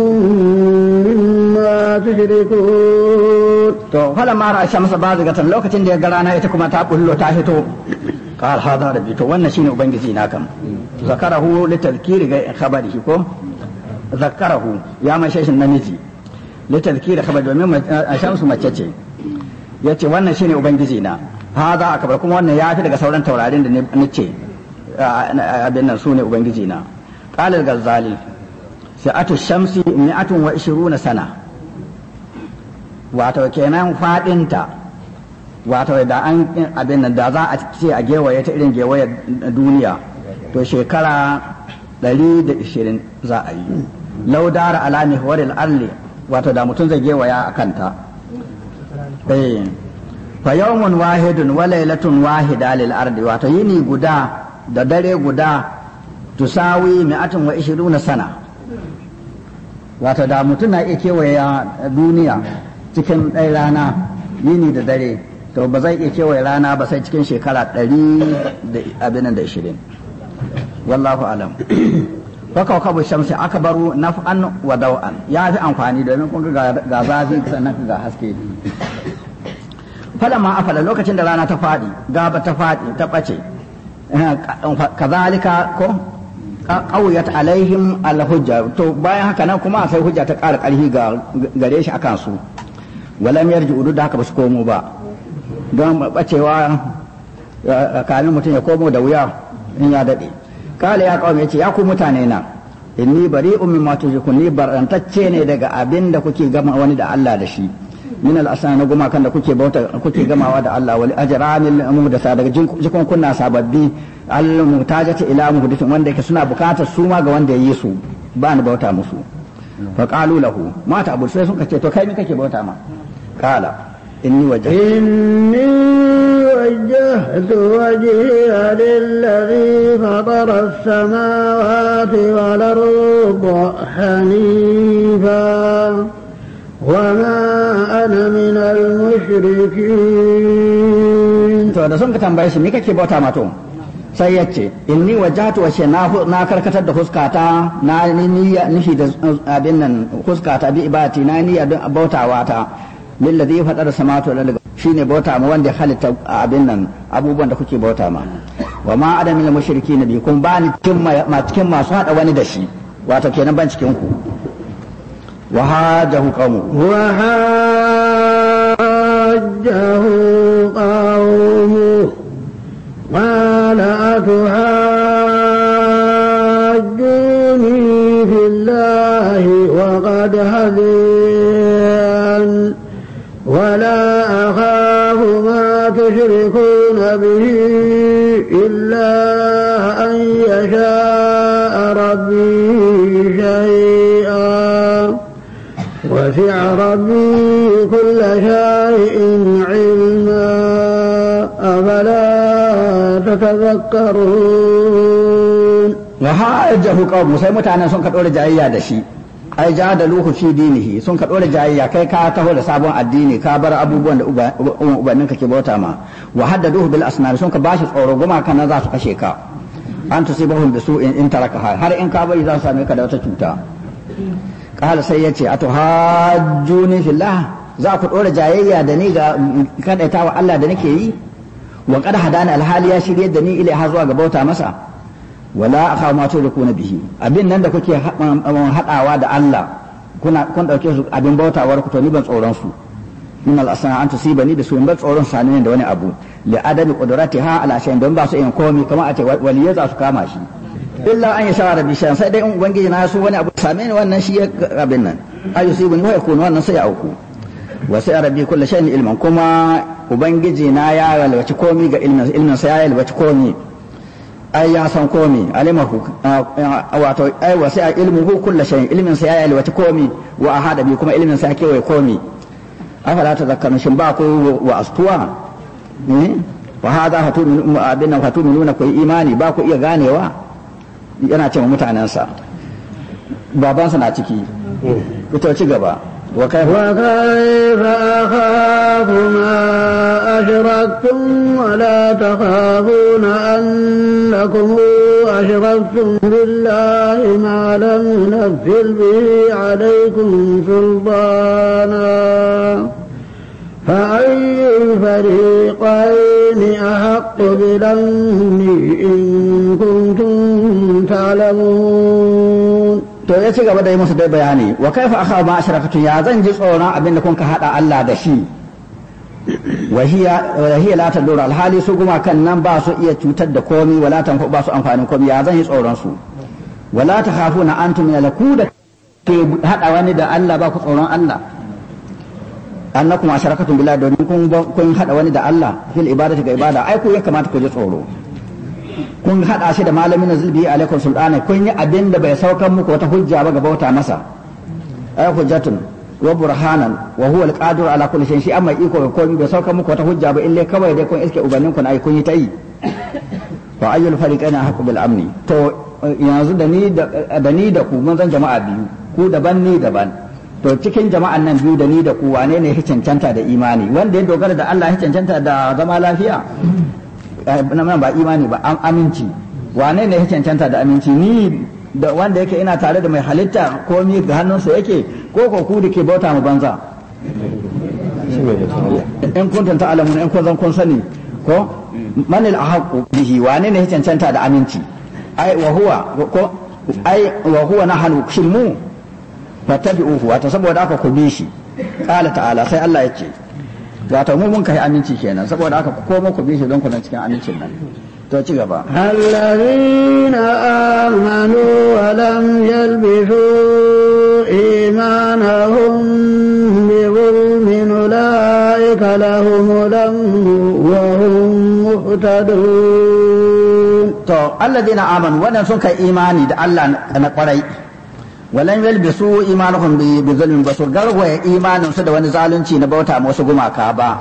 Speaker 2: مما تشركون فلما رأى الشمس بازغة لوكة دي قرانا يتكما تابلو تاهتو قال هذا ربي تو wannan shine ubangiji na kam zakarahu litalkiri ga khabarihi ko zakarahu ya mashe shi namiji litalkiri khabar domin a shamsu mace ce yace wannan shine ubangiji na hada akbar kuma wannan ya fi daga sauran taurarin da nace abin nan sune ubangiji na qala al-ghazali sa'atu shamsi mi'atun wa 20 sana wato kenan fadinta wato da an abin da za a ce a gewaye ta irin gewaye duniya to shekara 120 za a yi laudar alami horil al'alli wato da mutum zai gewaya a kanta eh. fa yawmun wahidun wa lailatun wahida lil ardi wato yini guda da dare guda tusawi mi'atun wa ishiruna sana wato da mutum na iya kewaya duniya cikin ɗaya rana yini da dare to ba zai iya kewaye rana ba sai cikin shekara ɗari da abin da ishirin wallahu alam faka kabu shamsi akbaru naf'an wa daw'an ya fi amfani domin kun ga ga zafi sannan ga haske ma afala lokacin da rana ta fadi gaba ta fadi ta bace eh, kazalika ko qawiyat alaihim alhujja to bayan haka nan kuma sai hujja ta ƙara ƙarfi ga gare shi akan su walam yarji'u da haka ba su komo ba don bacewa kanin mutum ya komo da wuya in ya daɗe kala ya kawo ce ya ku mutane na inni bari ummin ma tujikun ni barantacce ne daga abin da kuke gama wani da Allah da shi min al'asana na gumakan da kuke bauta kuke gamawa da Allah mu da sa daga jikon kunna sababbi al mutajati ila muhdathin wanda yake suna bukatar suma ga wanda ya yi su ba ni bauta musu fa qalu lahu mata abu sai sun kace to kai me kake bauta ma kala إني وجهت إني وجهت وجهي
Speaker 1: للذي فطر السماوات والأرض حنيفا وما أنا من
Speaker 2: المشركين to da sun ka tambaye shi me kake bauta mato sai ya ce inni wajhatu wa na karkatar da huskata na niyya nishi da abin nan huskata bi ibati na niyya da bautawa ta lillazi da samatu da ardi shine bauta ma wanda halitta abin nan abubuwan da kuke bauta ma wa ma adam min na bi kun ba ni cikin masu hada wani da shi wato kenan ban cikin ku wa hajahu qawmu wa hajahu hajjahu qawmu sai mutanen sun ka dore jayayya da shi ai ja da luhu fi dinihi sun ka dore jayayya kai ka taho da sabon addini ka bar abubuwan da um, ubannin ka ke bauta ma wa haddaduhu bil asnar sun ka bashi tsoro goma nan za su kashe ka an tusibahum bi su'in in taraka har in ka bari za su same ka da wata cuta qala sai yace atuhajjuni fillah za ku dore jayayya da ni ga mm, kadaitawa Allah da nake yi wa qad hadana alhali ya shirye da ni ila ha zuwa ga bauta masa wala mato da kuna bihi abin nan da kuke haɗawa da Allah kuna kun ɗauke su abin bautawar ku to ni ban tsoron su min al asana an ni da su ban tsoron sani ne da wani abu li adami ha ala shay'in don ba su yin komi kamar a ce waliyya za su kama shi illa an yasha rabbi shay'an sai dai in ubangiji na su wani abu same ni wannan shi abin nan ayusibani wa yakunu wannan sai ya auku wa sai rabbi kullu shay'in ilman kuma ubangiji na ya yalwaci komi ga ilmin ilmin sai ya yalwaci komi ai ya san komi ku wato ai sai a ilmuhu kullu shay ilmin sai ya alwata komi wa ahada bi kuma ilmin sai ya kewaye komi afala tazakkarun shin ba ku wa astuwa eh? wa hadha hatumin abin nan minuna ku imani ba ku iya ganewa yana cewa mutanansa babansa na ciki ku mm. ci gaba وكيف أخاف
Speaker 1: ما أشركتم ولا تخافون أنكم أشركتم بالله ما لم ينزل به عليكم سلطانا فأي الفريقين أحق بالأمن إن كنتم تعلمون
Speaker 2: to ya ci gaba da yi musu dai bayani wa kaifa akha ma asharakatun ya zan ji tsoron abin da kun hada Allah da shi wa hiya la tadur alhali su kuma kan nan ba su iya cutar da komi wala tan ba su amfanin komi ya zan yi tsoron su wala ta khafuna antum min laku da ke hada wani da Allah ba ku tsoron Allah annakum asharakatun billahi domin kun kun hada wani da Allah fil ibadati ga ibada ai ku ya kamata ku ji tsoro kun haɗa shi da malamin zulbi alaikum sultana kun yi abin da bai saukar muku wata hujja ba ga bauta masa ay hujjatun wa burhanan wa huwa alqadir ala kulli shay'in shi amma iko ga bai saukar muku wata hujja ba illai kawai dai kun iske ubannin kun ai kun yi ta yi wa ayyul fariqain haqqu bil amni to yanzu da ni da ni da ku mun zan jama'a biyu ku daban ni daban to cikin jama'an nan biyu da ni da ku wane ne ya cancanta da imani wanda ya dogara da Allah ya cancanta da zama lafiya Eh, nan ba imani ba aminci wane ne ya cancanta da aminci ni da wanda yake ina tare da mai halitta ko mi ga hannunsa yake ko ko ku da ke bauta mu banza in tanta alamu in kun zan kun sani ko man al ahqqu bihi wane ne ya cancanta da aminci ai wa huwa ko ai wa huwa nahnu kullu fatabi'uhu wa saboda aka kubi shi qala ta'ala sai Allah ya ce wato mu mun kai aminci kenan saboda haka ku koma ku bi shi don ku nan cikin amincin nan to ci gaba
Speaker 1: allazina amanu wa lam yalbisu imanahum bi zulmin ulaika
Speaker 2: lahum amru wa hum muhtadun to allazina amanu wannan sun kai imani da Allah na kwarai walan bisu imanuhum bi bi basur garwaya imanin su da wani zalunci na bauta wasu gumaka ba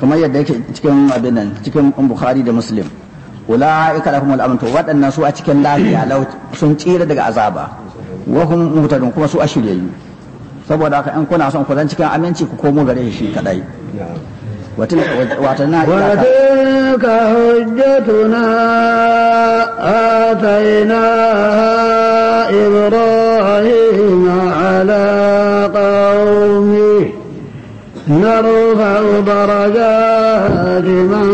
Speaker 2: kamar yadda yake cikin abinan cikin bukhari da muslim ulaika lahum al-amn to waɗannan su a cikin lafiya law sun tsira daga azaba wa hum mutadun kuma su a shiryayyu saboda haka in kuna son ku zan cikin aminci ku komo gare shi kadai وتلك
Speaker 1: حجتنا آتينا إبراهيم على قومه نرفع درجات من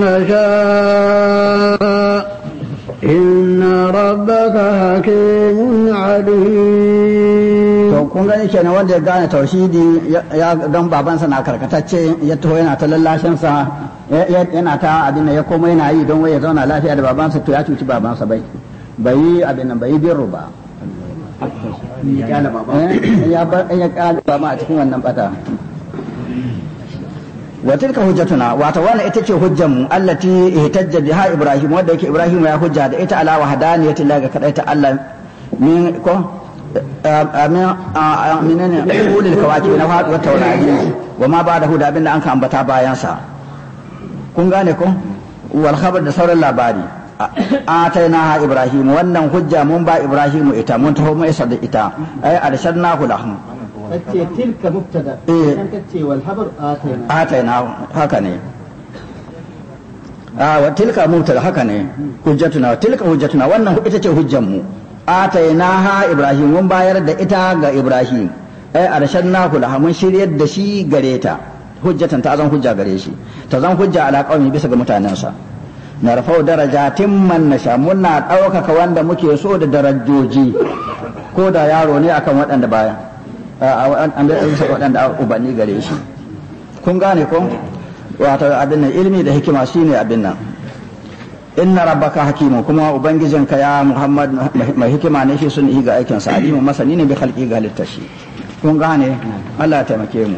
Speaker 1: نشاء
Speaker 2: إن ربك حكيم عليم kun gani kenan wanda ya gane tauhidi ya don babansa na karkatacce ya taho yana ta lallashin sa yana ta abin ya koma yana yi don ya zauna lafiya da babansa to ya cuci babansa bai bai yi abin nan bai yi biro ba ya kyala eh, baba a cikin wannan bata wa tilka hujjatuna wato wannan ita ce hujjar mu allati ihtajja biha ibrahim wanda yake ibrahim ya hujja da ita ala wahdaniyatin la ga kadaita Allah min ko ne ulil kawaki na faduwar taurari wa ma ba da huda abinda an ka ambata bayansa kun gane ko wal khabar da sauran labari ataina ha ibrahim wannan hujja mun ba ibrahim ita mun taho mu isar da ita ai arshadna hu lahum kace tilka mubtada kan kace wal khabar ataina ataina haka ne a wa tilka mubtada haka ne hujjatuna tilka hujjatuna wannan ita ce hujjan mu atainaha ibrahim mun bayar da ita ga ibrahim ai arshannahu laha mun shiryar da shi gare ta hujjatan ta zan hujja gare shi ta zan hujja ala qaumi bisa ga mutanensa na rafau darajatin man nasha muna ɗaukaka wanda muke so da darajoji ko da yaro ne akan waɗanda baya an da ɗansa waɗanda ubanni gare shi kun gane ko wato abin nan ilimi da hikima shine abin nan inna rabbaka hakimu kuma ubangijinka ya muhammad mai hikima ne shi sun yi ga aikin sa alimu masani ne bi khalqi ga halittar kun gane Allah ya taimake mu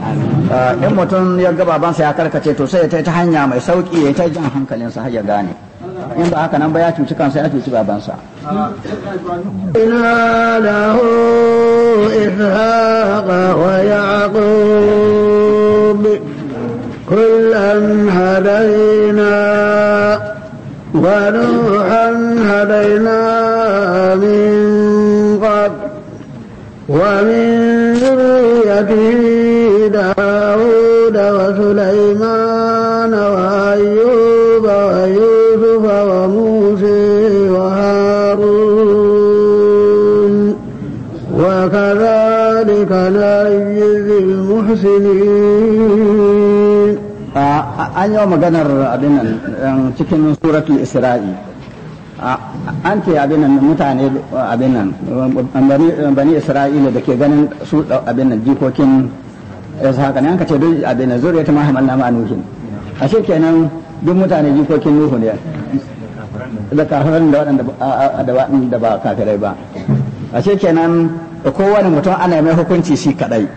Speaker 2: ah, in mutum ya ga babansa ya karkace to sai ya ta hanya mai sauki ya ta jan hankalinsa har ya gane in ba haka nan ba ya cuci kansa ya cuci babansa ina lahu
Speaker 1: ihaqa wa yaqub وروحا
Speaker 2: cikin suratul isra'i an ce abin nan mutane abin nan bani isra'ila da ke ganin su abin nan jikokin ishaq ne an ka ce duk abin nan ta ma hamalna a nuhin ashe kenan duk mutane jikokin nuhu ne da kafiran da waɗanda ba kafirai ba a ashe kenan kowane mutum ana mai hukunci shi kadai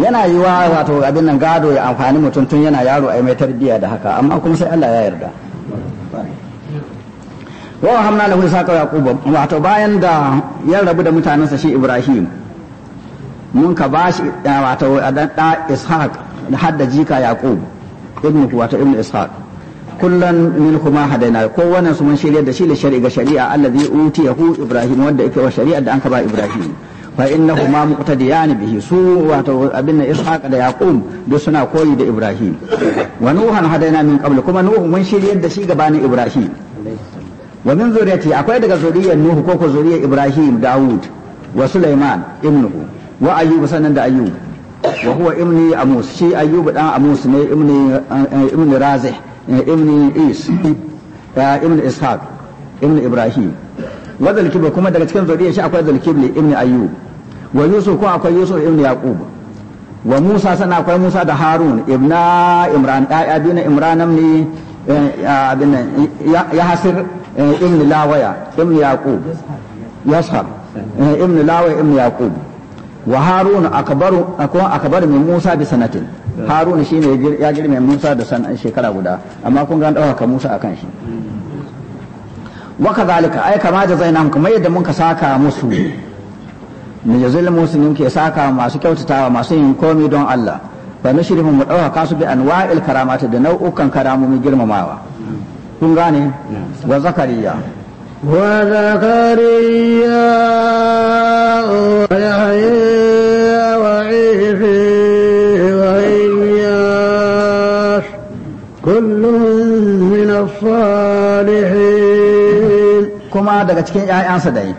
Speaker 2: yana yi wa wato abin nan gado ya amfani mutum tun yana yaro a mai tarbiyya da haka amma kuma sai Allah ya yarda wa hamna lahu saka yaquba wato bayan da ya rabu da mutanen sa shi ibrahim mun ka bashi wato da ishaq da hadda jika yaqub ibnu wato ibnu ishaq kullan min kuma hadaina ko wannan su mun shirya da shi da shari'a ga shari'a allazi utiyahu ibrahim wanda yake wa shari'a da an ka ba ibrahim fa innahu ma muqtadiyan bihi su wato abin na ishaq da yaqub duk suna koyi da ibrahim wa nuhan hadaina min qabl kuma nuhu mun shiryar da shi gabanin ibrahim wa min zuriyati akwai daga zuriyar nuhu ko ko zuriyar ibrahim daud wa sulaiman ibnuhu wa ayyub sanan da ayyub wa huwa ibni amus shi ayyub dan amus ne ibni eh, ibni razih eh, ibni is eh, ibni ishaq ibni ibrahim wa zulkifl kuma daga cikin zuriyar shi akwai zulkifl ibn ayyub wa yusuf ko akwai yusuf ibn yaqub wa musa sana akwai musa da harun ibna imran ɗaya biyu na imran amni eh, abin ya hasir eh, ibn lawaya ibn yaqub yashab eh, ibn lawaya ibn yaqub wa harun akbaru akwai akbar min musa bi sanatin harun shine ya girme musa da san shekara guda amma kun ga an dauka musa akan shi waka zalika ai kama da zainam kuma yadda mun ka saka musu ya jazil musulmin ke saka masu kyautatawa masu yin komi don Allah ba na shirin mu dauka su bi anwa'il karamata da nau'ukan mu girmamawa kun gane wa zakariya wa zakariya
Speaker 1: wa yahya wa ifi wa
Speaker 2: iyash kullu min as-salihin kuma daga cikin ‘ya'yansa da yi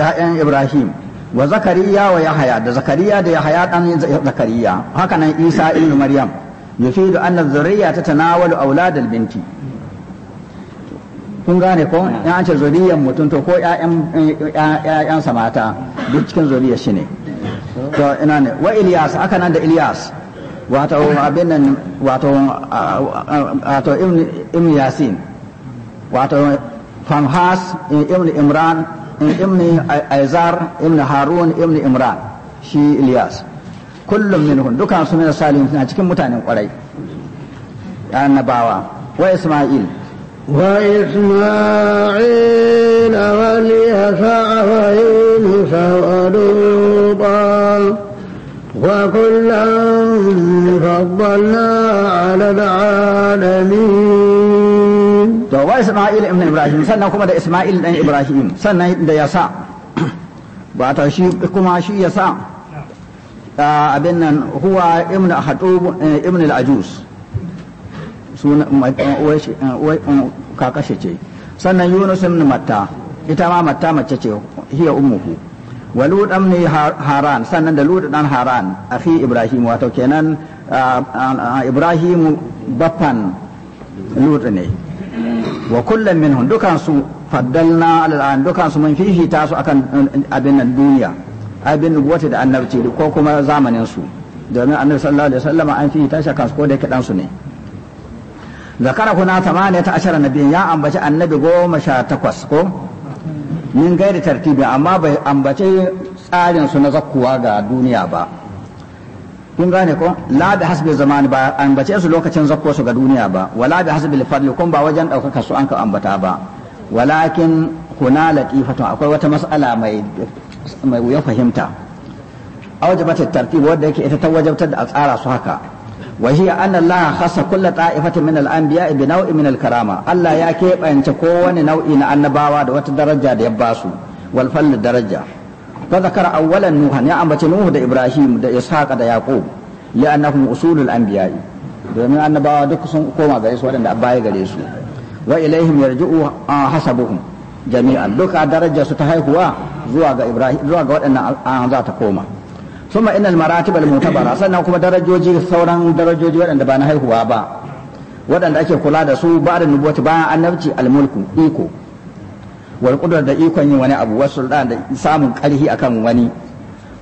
Speaker 2: ‘ya'yan Ibrahim wa Zakariya wa Yahaya da Zakariya da Yahaya ɗan Zakariya haka nan Isa ibn Maryam yufidu anna zurriya ta tanawalu auladal binti kun gane ko 'yan an ce zuriyar mutum to ko ‘ya'yansa mata duk cikin zuriyar shi ne to ina ne wa Ilyas aka nan da Ilyas wato abin nan wato wato ibn Yasin wato from Has, Ibn Imran, Ibn Aizar, Ibn Harun, Ibn Imran, shi Ilyas. Kullum minhum dukan su mina salim na cikin mutanen kwarai. Annabawa wa Isma'il. Wa Isma'il a ya wa Ilyasa wa Yunusa
Speaker 1: wa Lutan. وكلا
Speaker 2: فضلنا على العالمين to wa Isma'il ibn Ibrahim sannan kuma da Isma'il dan Ibrahim sannan da Yasa ba ta shi kuma shi Yasa abin nan huwa ibn Hatub eh, ibn al-Ajus sunan eh, eh, kakashe ce sannan Yunus ibn Matta ita ma Matta mace ce hiya ummuhu wa Lut ne Haran sannan da Lut dan Haran akhi Ibrahim wato kenan Ibrahim baffan Lut ne wa kullum minhum dukan su faddalna al'an dukan su mun fifita su akan eh, abin nan duniya abin wata da annabci ko kuma zamanin su domin annabi sallallahu alaihi wasallam an fi shi kan su ko da kidan su ne zakara kuna ta ashara nabiyin ya ambaci annabi goma sha takwas ko min gaida tartibi amma bai ambace tsarin su na zakkuwa ga duniya ba kun gane ko la da hasbi zamani ba an bace su lokacin zakko su ga duniya ba wala da hasbi fadli kun ba wajen daukaka su an ka ambata ba walakin kuna latifatu akwai wata mas'ala mai mai wuya fahimta awjabat tartib wanda yake ita ta wajabtar da a tsara su haka wa hiya anna allaha khassa kull ta'ifatin min al-anbiya bi naw'in min al-karama Allah ya keɓance kowane nau'i na annabawa da wata daraja da ya basu wal daraja fa zakara awwalan nuha ya ambace nuhu da ibrahim da ishaq da yaqub li'annahum usulul anbiya'i domin annabawa duk sun koma gare su waɗanda baya gare su wa ilaihim yarji'u hasabuhum jami'an duka darajar ta haihuwa zuwa ga waɗannan an za koma summa innal maratib al mutabara sannan kuma darajoji sauran darajoji waɗanda ba na haihuwa ba waɗanda ake kula da su ba da nubuwati bayan annabci al mulku iko wal da ikon yin wani abu wasu da samun karhi akan wani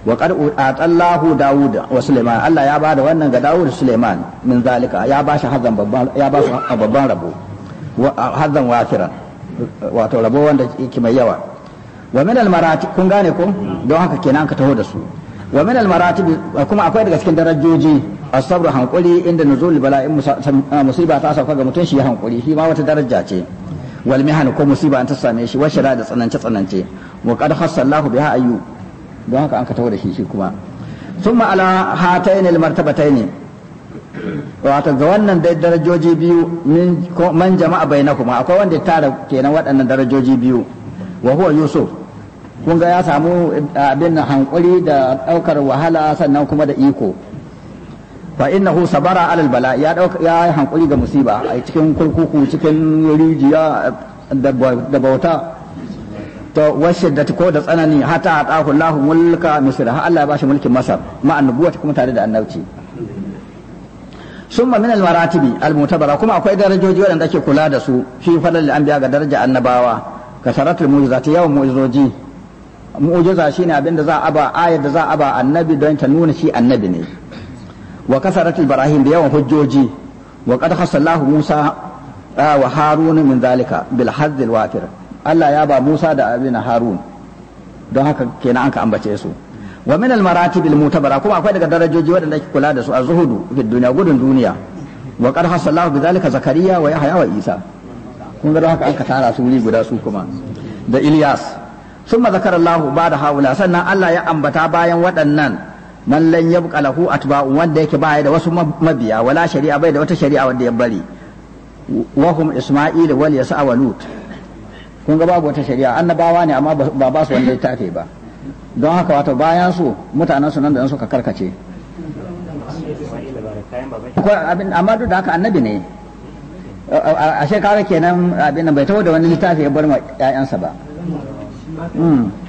Speaker 2: wa qad atallahu daud wa sulaiman Allah ya bada wannan ga daud da sulaiman min zalika ya ba shi hazan babban ya ba su babban rabo hazan wafiran wato rabo wanda yake mai yawa wa min al kun gane ko don haka kenan ka taho da su wa min al kuma akwai daga cikin darajoji as-sabr hankuri inda nuzul bala'in musiba ta sauka ga mutum shi hankuri shi ma wata daraja ce wal mihan ko musiba an ta same shi washara da tsanance tsanance wa qad khassallahu biha ayyu don haka an ka tawo da shi shi kuma thumma ala hatayn al martabatayn wato ga wannan dai darajoji biyu min man jama'a kuma akwai wanda ya tara kenan waɗannan darajoji biyu wa huwa yusuf kun ga ya samu eh, abin hankuri da ɗaukar wahala sannan kuma da iko fa innahu sabara alal bala ya dauka ya hankuri ga musiba a cikin kurkuku cikin rijiya da bauta to washiddati ko da tsanani hatta atahu Allah mulka misr ha Allah ya bashi mulkin masar ma annubuwati kuma tare da annabci summa min al-maratibi al-mutabara kuma akwai darajoji waɗanda ake kula da su fi fadal anbiya ga daraja annabawa kasaratul mu'jizati yawm mu'jizoji mu'jiza shine abin da za a ba ayar da za a ba annabi don ta nuna shi annabi ne wa kasaratul barahim da yawan hujjoji wa qad hasallahu musa wa harun min zalika bil hadzil wafir Allah ya ba Musa da abin Harun don haka kenan an ka ambace su wa min al maratib al mutabara kuma akwai daga darajoji waɗanda ake kula da su a zuhudu fi duniya gudun duniya wa qad hasallahu bidhalika zakariya wa yahya wa isa kun ga haka an ka tara su guda su kuma da ilyas summa zakara Allah ba'da haula sannan Allah ya ambata bayan waɗannan man lan yabqa lahu atba'un wanda yake baya da wasu mabiya wala shari'a bai da wata shari'a wanda ya bari wa hum isma'il wal yasa wa lut kun ga babu wata shari'a annabawa ne amma ba ba su wanda tafe ba don haka wato bayan su mutanen su nan da suka karkace amma duk da haka annabi ne a shekara kenan abin nan bai taho da wani littafi ya bar ma 'ya'yansa ba hmm.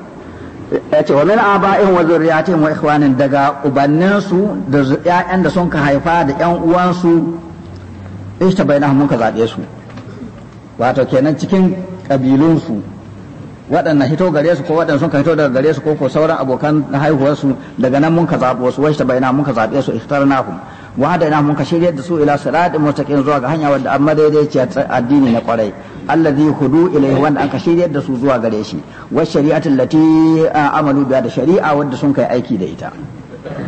Speaker 2: ya ce wa min aba'in wa zurriyatihim wa ikhwanin daga ubanninsu da ƴaƴan da sun ka haifa da ƴan uwansu ishta bainahum mun ka zabe su wato kenan cikin kabilunsu waɗanda hito gare su ko waɗanda sun ka hito daga gare su ko ko sauran abokan haihuwarsu daga nan mun ka zaɓo su washta na mun ka zaɓe su ikhtarnahum wa da ina mun ka shiryar da su ila siratin mustaqim zuwa ga hanya wadda amma daidaiciya addini na kwarai allazi hudu ilayhi wanda aka shiryar da su zuwa gare shi wa shari'atu allati amalu biha da shari'a wadda sun kai aiki da ita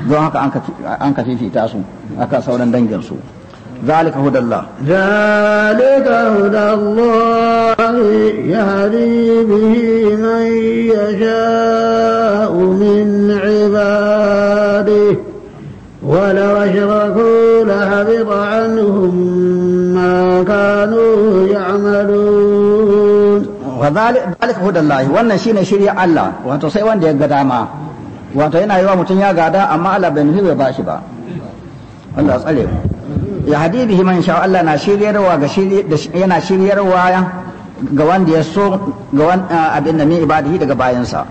Speaker 2: don haka an ka fifita su aka sauran dangin su ذلك هدى الله ذلك هدى
Speaker 1: الله يهدي به من يشاء من عباده
Speaker 2: وحبط عنهم
Speaker 1: ما كانوا
Speaker 2: يعملون وذلك shirya Allah wato sai wanda ya ga dama wato yana yi wa mutum ya gada amma Allah bai nufi bai bashi ba Allah tsare ya hadibi man sha Allah na shiryarwa yana shiryarwa ga wanda ya so abin da mai ibadihi daga bayansa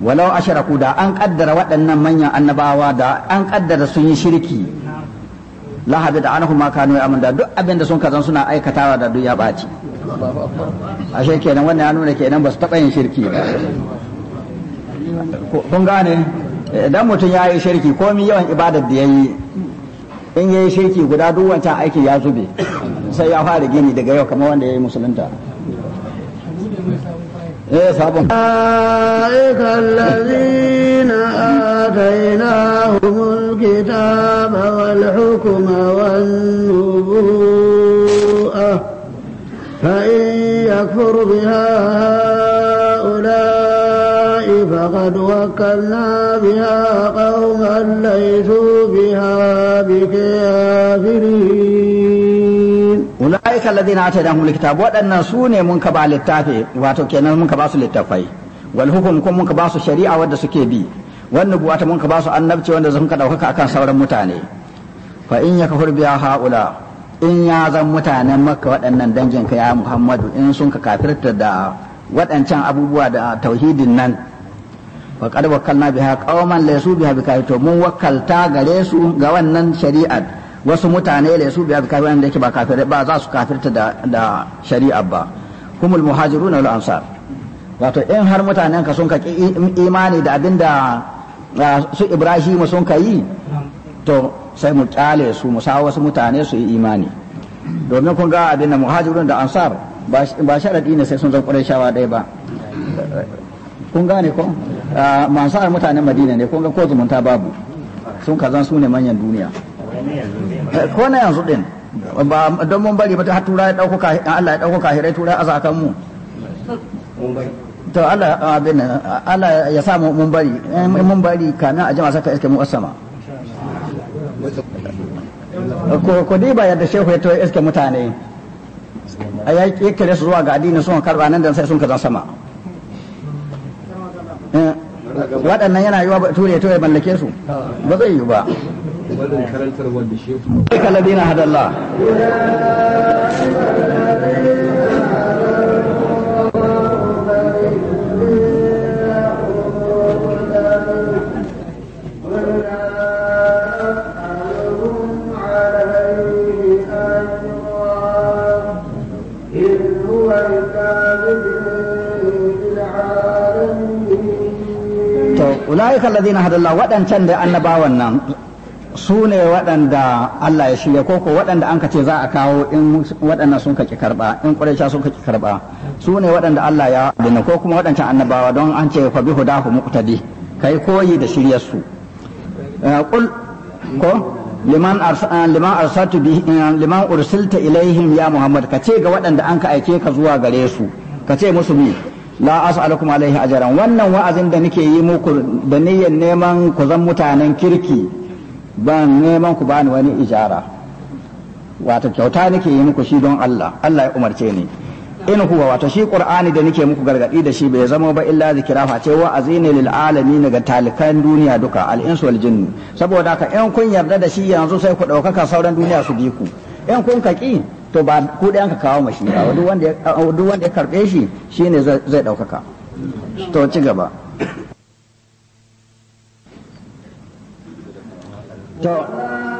Speaker 2: walau asharaku da an ƙaddara waɗannan manyan annabawa da an kaddara sun yi shirki la da anahu ma kanu ya da duk abinda sun kazan suna aikatawa da duk ya baci ashe kenan wannan ya nuna kenan ba su taba yin shirki ba kun gane idan mutum ya yi shirki komi yawan ibadar da ya yi in ya yi shirki guda duk wancan aiki ya zube sai ya fara gini daga yau kamar wanda ya yi musulunta ايه صابون اولئك
Speaker 1: الذين اتيناهم الكتاب والحكم والنبوءه فان يكفر بها هؤلاء فقد وكلنا بها قوما ليسوا بها
Speaker 2: بكافرين ulaika alladhina atainahum alkitab waɗannan su ne mun ka ba littafi wato kenan mun ka ba su littafai wal hukum kun mun ka ba su shari'a wadda suke bi wan nubuwata mun ka ba su annabci wanda sun ka daukaka akan sauran mutane fa in yakfur biha haula in ya zan mutanen makka waɗannan dangin ka ya muhammadu in sun ka kafirta da waɗancan abubuwa da tauhidin nan fa qad wakkalna biha qauman laysu biha bikafir to mun wakkalta gare su ga wannan shari'ar wasu mutane da su biya kafiran da yake ba kafir ba za su kafirta da da shari'a ba humul muhajirun wal ansar wato in har mutanen ka sun ka imani da abinda su Ibrahim sun ka yi to sai mu kyale su mu sa wasu mutane su yi imani domin kun ga abin da muhajirun da ansar ba sharadi ne sai sun zan shawa dai ba kun gane ko mansar mutanen madina ne kun ga ko zumunta babu sun kazan su ne manyan duniya ko na yanzu din ba don mun bari mata har tura ya dauko Allah ya dauko hirai tura a zakan mu to Allah abin Allah ya sa mu mun bari mun bari kana a jama'a saka iske mu asama ko ko dai ba yadda shehu ya to iske mutane a ya kare su zuwa ga addini sun karba nan da sai sun kazan sama eh, waɗannan yana yi wa ture to ya mallake su ba zai yi ba wannan karantar wanda shehu aika ladina hadallah ulaika alladhina hadallahu wadancan da annabawan nan su ne waɗanda Allah ya shirya ko waɗanda an ka ce za a kawo in waɗannan sun kaki karɓa in ƙuraisha sun kaki karɓa su ne waɗanda Allah ya abinna ko kuma waɗancan annabawa don an ce fa bihu dahu muqtadi kai koyi da shiryar su eh, qul ko liman eh, liman arsaltu bi eh, liman ursilta ilaihim ya muhammad ka ce ga waɗanda an ka aike ka zuwa gare su ka ce musu bi la as'alukum alaihi ajran wannan wa'azin da nake yi muku da niyyar neman ku zan mutanen kirki ban neman ku bani wani ijara wato kyauta nake yi muku shi don Allah Allah ya umarce ni in huwa wato shi qur'ani da nake muku gargadi da shi bai zama ba illa zikira fa ce wa azina lil alamin ga talikan duniya duka al insu wal jinn saboda haka in kun yarda da shi yanzu sai ku daukaka sauran duniya su bi ku in kun ka ki to ba ku ɗayan ka kawo mashi ba duk wanda ya karɓe shi shine zai ɗaukaka to ci gaba 走。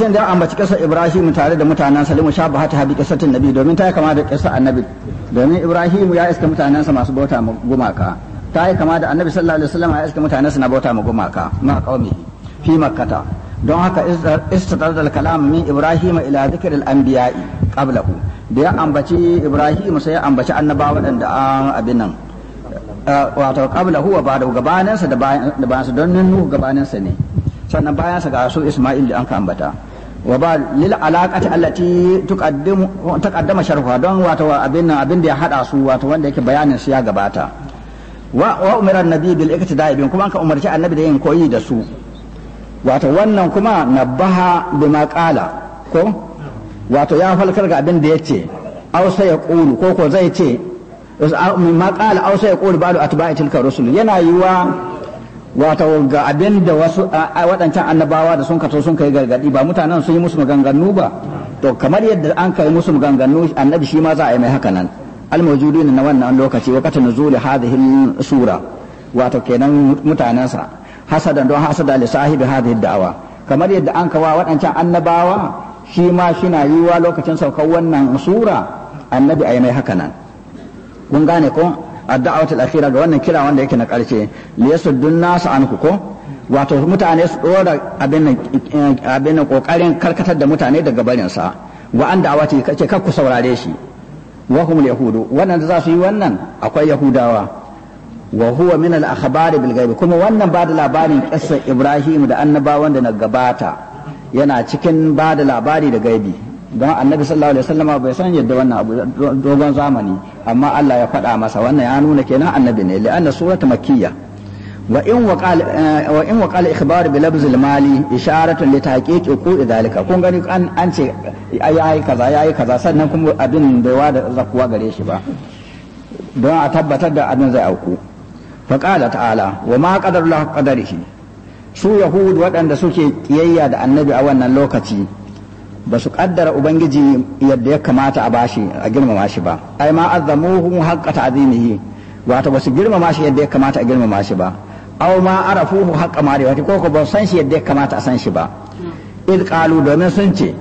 Speaker 2: lokacin da ambaci kasar Ibrahim tare da mutanen salimu sha shabaha ta habi kasatin nabi domin ta kama da kasar annabi domin Ibrahim ya iska mutanen sa masu bauta ma gumaka ta yi kama da annabi sallallahu alaihi wasallam ya iska mutanen sa na bauta ma gumaka ma qaumi fi makkata don haka istatar da kalam min Ibrahim ila zikr al anbiya'i qablahu da ya ambaci Ibrahim sai ya ambaci annabawa waɗanda an abin nan eh, wato qablahu wa ba'da gabanin sa da bayan sa don nuhu gabanin sa ne sannan bayan sa ga su Isma'il da an ka ambata wa ba lil alaqati allati tuqaddimu taqaddama sharhuha don wato abin abin da ya hada su wato wanda yake bayanin su ya gabata wa wa umira annabi bil iktida'i bin kuma an ka umarci annabi da yin koyi da su wato wannan kuma nabaha da qala ko wato ya falkar ga abin da yace aw sai ya qulu ko ko zai ce ma qala aw sai ya qulu ba'du atba'i tilka rusul yana yiwa wato ga abin da wasu waɗancan annabawa da sun kato sun kai gargadi ba mutanen sun yi musu maganganu ba to kamar yadda an kai musu maganganu annabi shi ma za a yi mai haka nan almawjudin na wannan lokaci wakati zuli hadhihi sura wato kenan mutanensa hasadan don hasada li sahibi hadhihi da'awa kamar yadda an kawa waɗancan annabawa shi ma shina yiwa lokacin saukar wannan sura annabi a yi mai haka nan kun gane ko addua dawat al-akhira ga wannan kira wanda yake na ƙarshe li yasuddun nas anku ko wato mutane su dora abin abin kokarin karkatar da mutane daga barin sa wa an da'awati kace kar ku saurare shi wa humul yahudu wannan da za su yi wannan akwai yahudawa wa huwa min al-akhbari bil ghaib kuma wannan ba da labarin kissa Ibrahim da annabawan da na gabata yana cikin ba da labari da gaibi don annabi sallallahu alaihi wasallama bai san yadda wannan abu dogon zamani amma Allah ya faɗa masa wannan ya nuna kenan annabi ne li'anna surata makkiya wa in wa qala eh, wa in wa qala ikhbar bi labz al mali isharatan li tahqiq ku dhalika kun gani an an ce yayi kaza yayi kaza sannan kuma abin bai wada zakuwa gare shi ba don a tabbatar da abin zai auku fa qala ta'ala wa ma Allah qadarihi su yahud waɗanda suke kiyayya da annabi a wannan lokaci ba su kaddara ubangiji yadda ya kamata a bashi a girmama shi ba ai ma azamuhu haqqa ta'zimihi wato ba su girmama shi yadda ya kamata a girmama shi ba aw ma arafuhu haqqa ma'rifati ko ko ba san shi yadda ya kamata a san shi ba id qalu domin sun ce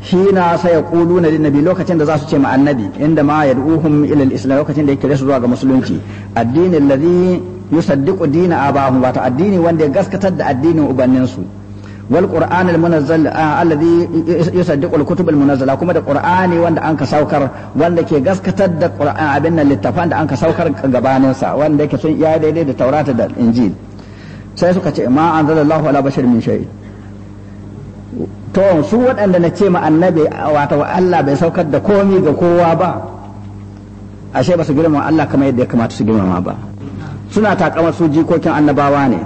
Speaker 2: shi na sai ya kulu na nabi lokacin da za su ce ma annabi inda ma yad'uhum ila al-islam lokacin da yake kire su zuwa ga musulunci addinin ladhi yusaddiqu dina abahum wato addini wanda ya gaskatar da addinin ubanninsu su wal qur'an al munazzal ah, alladhi yusaddiqu al kutub al munazzala kuma da qur'ani wanda an ka saukar wanda ke gaskatar da qur'an ah, abin nan littafan da an ka saukar gabanin sa wanda yake sun ya daidai da taurata da injil sai suka ce ma an anzalallahu ala bashar min shay to su waɗanda na ce ma annabi wato Allah bai saukar da komi ga kowa ba ashe ba su girma Allah kamar yadda ya kamata su girmama ba suna takama su jikokin annabawa ne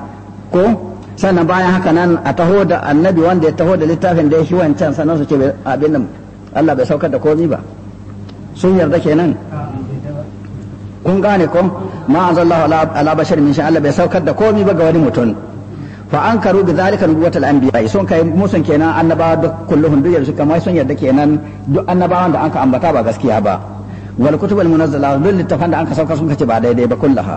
Speaker 2: ko sannan bayan haka nan a taho da annabi wanda ya taho da littafin da ya shi wancan sannan su ce abin nan Allah bai saukar da komi ba sun yarda kenan kun gane ko ma anzalallahu ala bashar min sha Allah bai saukar da komi ba ga wani mutum fa an karu bi zalika nubuwatul anbiya sun kai musun kenan annabawa duk kulluhun duk yanzu kamar sun yarda kenan duk annabawan da anka ambata ba gaskiya ba wal kutubul munazzala duk littafan da anka sauka sun kace ba daidai ba kullaha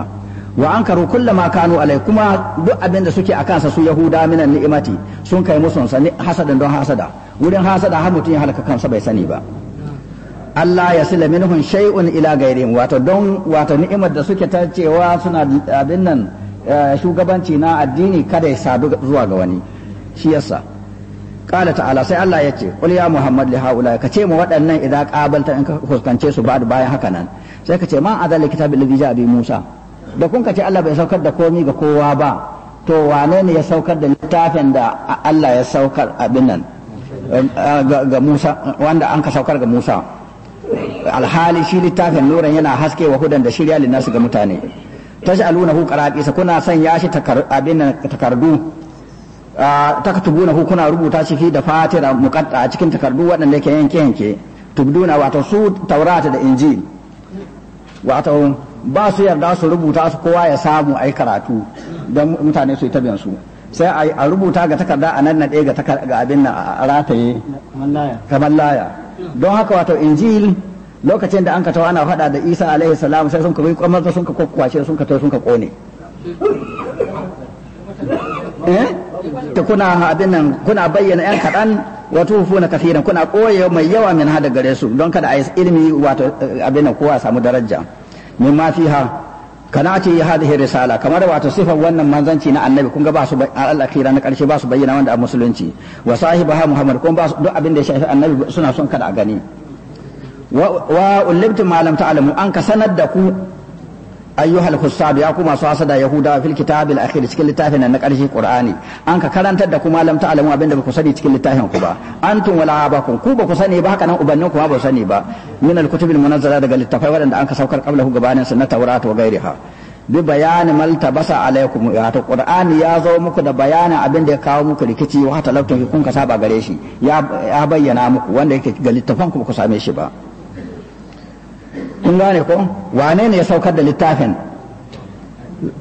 Speaker 2: wa ankaru ma kanu alai kuma duk abin da suke akan sa su yahuda minan ni'imati sun kai musu sani hasadan don hasada wurin hasada har mutum ya halaka kansa bai sani ba Allah ya sila minhum shay'un ila ghairihim wato don wato ni'imar da suke ta cewa suna abin nan eh, shugabanci na addini kada ya sadu zuwa ga wani shi yasa qala ta'ala sai Allah ya ce qul ya muhammad li haula ka ce mu waɗannan idan qabalta in ka su ba bayan haka nan sai ka ce man adalla ja'a musa da kun ce Allah bai saukar da komi ga kowa ba to wane ne ya saukar da littafin da Allah ya saukar abin nan eh, eh, ga Musa wanda an ka saukar ga Musa alhali shi littafin nuran yana haske wa hudan da shirya linnasu ga mutane hu qara'isa kuna son ya shi abin nan takardu ah, hu kuna rubuta shi fi da fatira muqatta a cikin takardu waɗanda yake yanke yanke tubduna wato su taurata da injil wato ba su yarda su rubuta su kowa ya samu ai karatu don mutane su yi tabiyan su sai a rubuta ga takarda a nan naɗe ga abin nan a rataye kamar laya don haka wato injil lokacin da an ka ana faɗa da isa alaihi salam sai sun ka kwamar da sun ka kwakwashe sun ka to sun ka kone
Speaker 3: eh? ta
Speaker 2: kuna abin nan kuna bayyana yan kaɗan wato hufu na kafiran kuna koye mai yawa min hada gare su don kada a yi ilimi wato eh, abin nan kowa samu daraja mimma fiha kana ce ya hadhihi risala kamar wato sifar wannan manzanci na annabi kun ga ba su al-akhira na karshe ba su bayyana wanda a musulunci wa sahibaha muhammad kun ba su duk abin da ya shafi annabi suna son kada a gani wa ulibtu ma lam ta'lamu an ka sanar da ku ayyuhal hussad ya kuma su hasada yahuda fil kitabil akhir cikin littafin nan na karshe qur'ani an ka karantar da kuma lam ta'lamu da ba ku sani cikin littafin ku ba antum wala abakum ku ba ku sani ba haka nan ubannin ku ba ba sani ba min al kutubil munazzala daga littafai waɗanda an ka saukar qablahu gabanin sunnat tawrat wa ghairiha bi bayani maltabasa alaikum wato qur'ani ya zo muku da bayanin abin da ya kawo muku rikici wa talabtun kun ka saba gare shi ya bayyana muku wanda yake ga littafan ku ku same shi ba kun gane ko wane ne ya saukar da littafin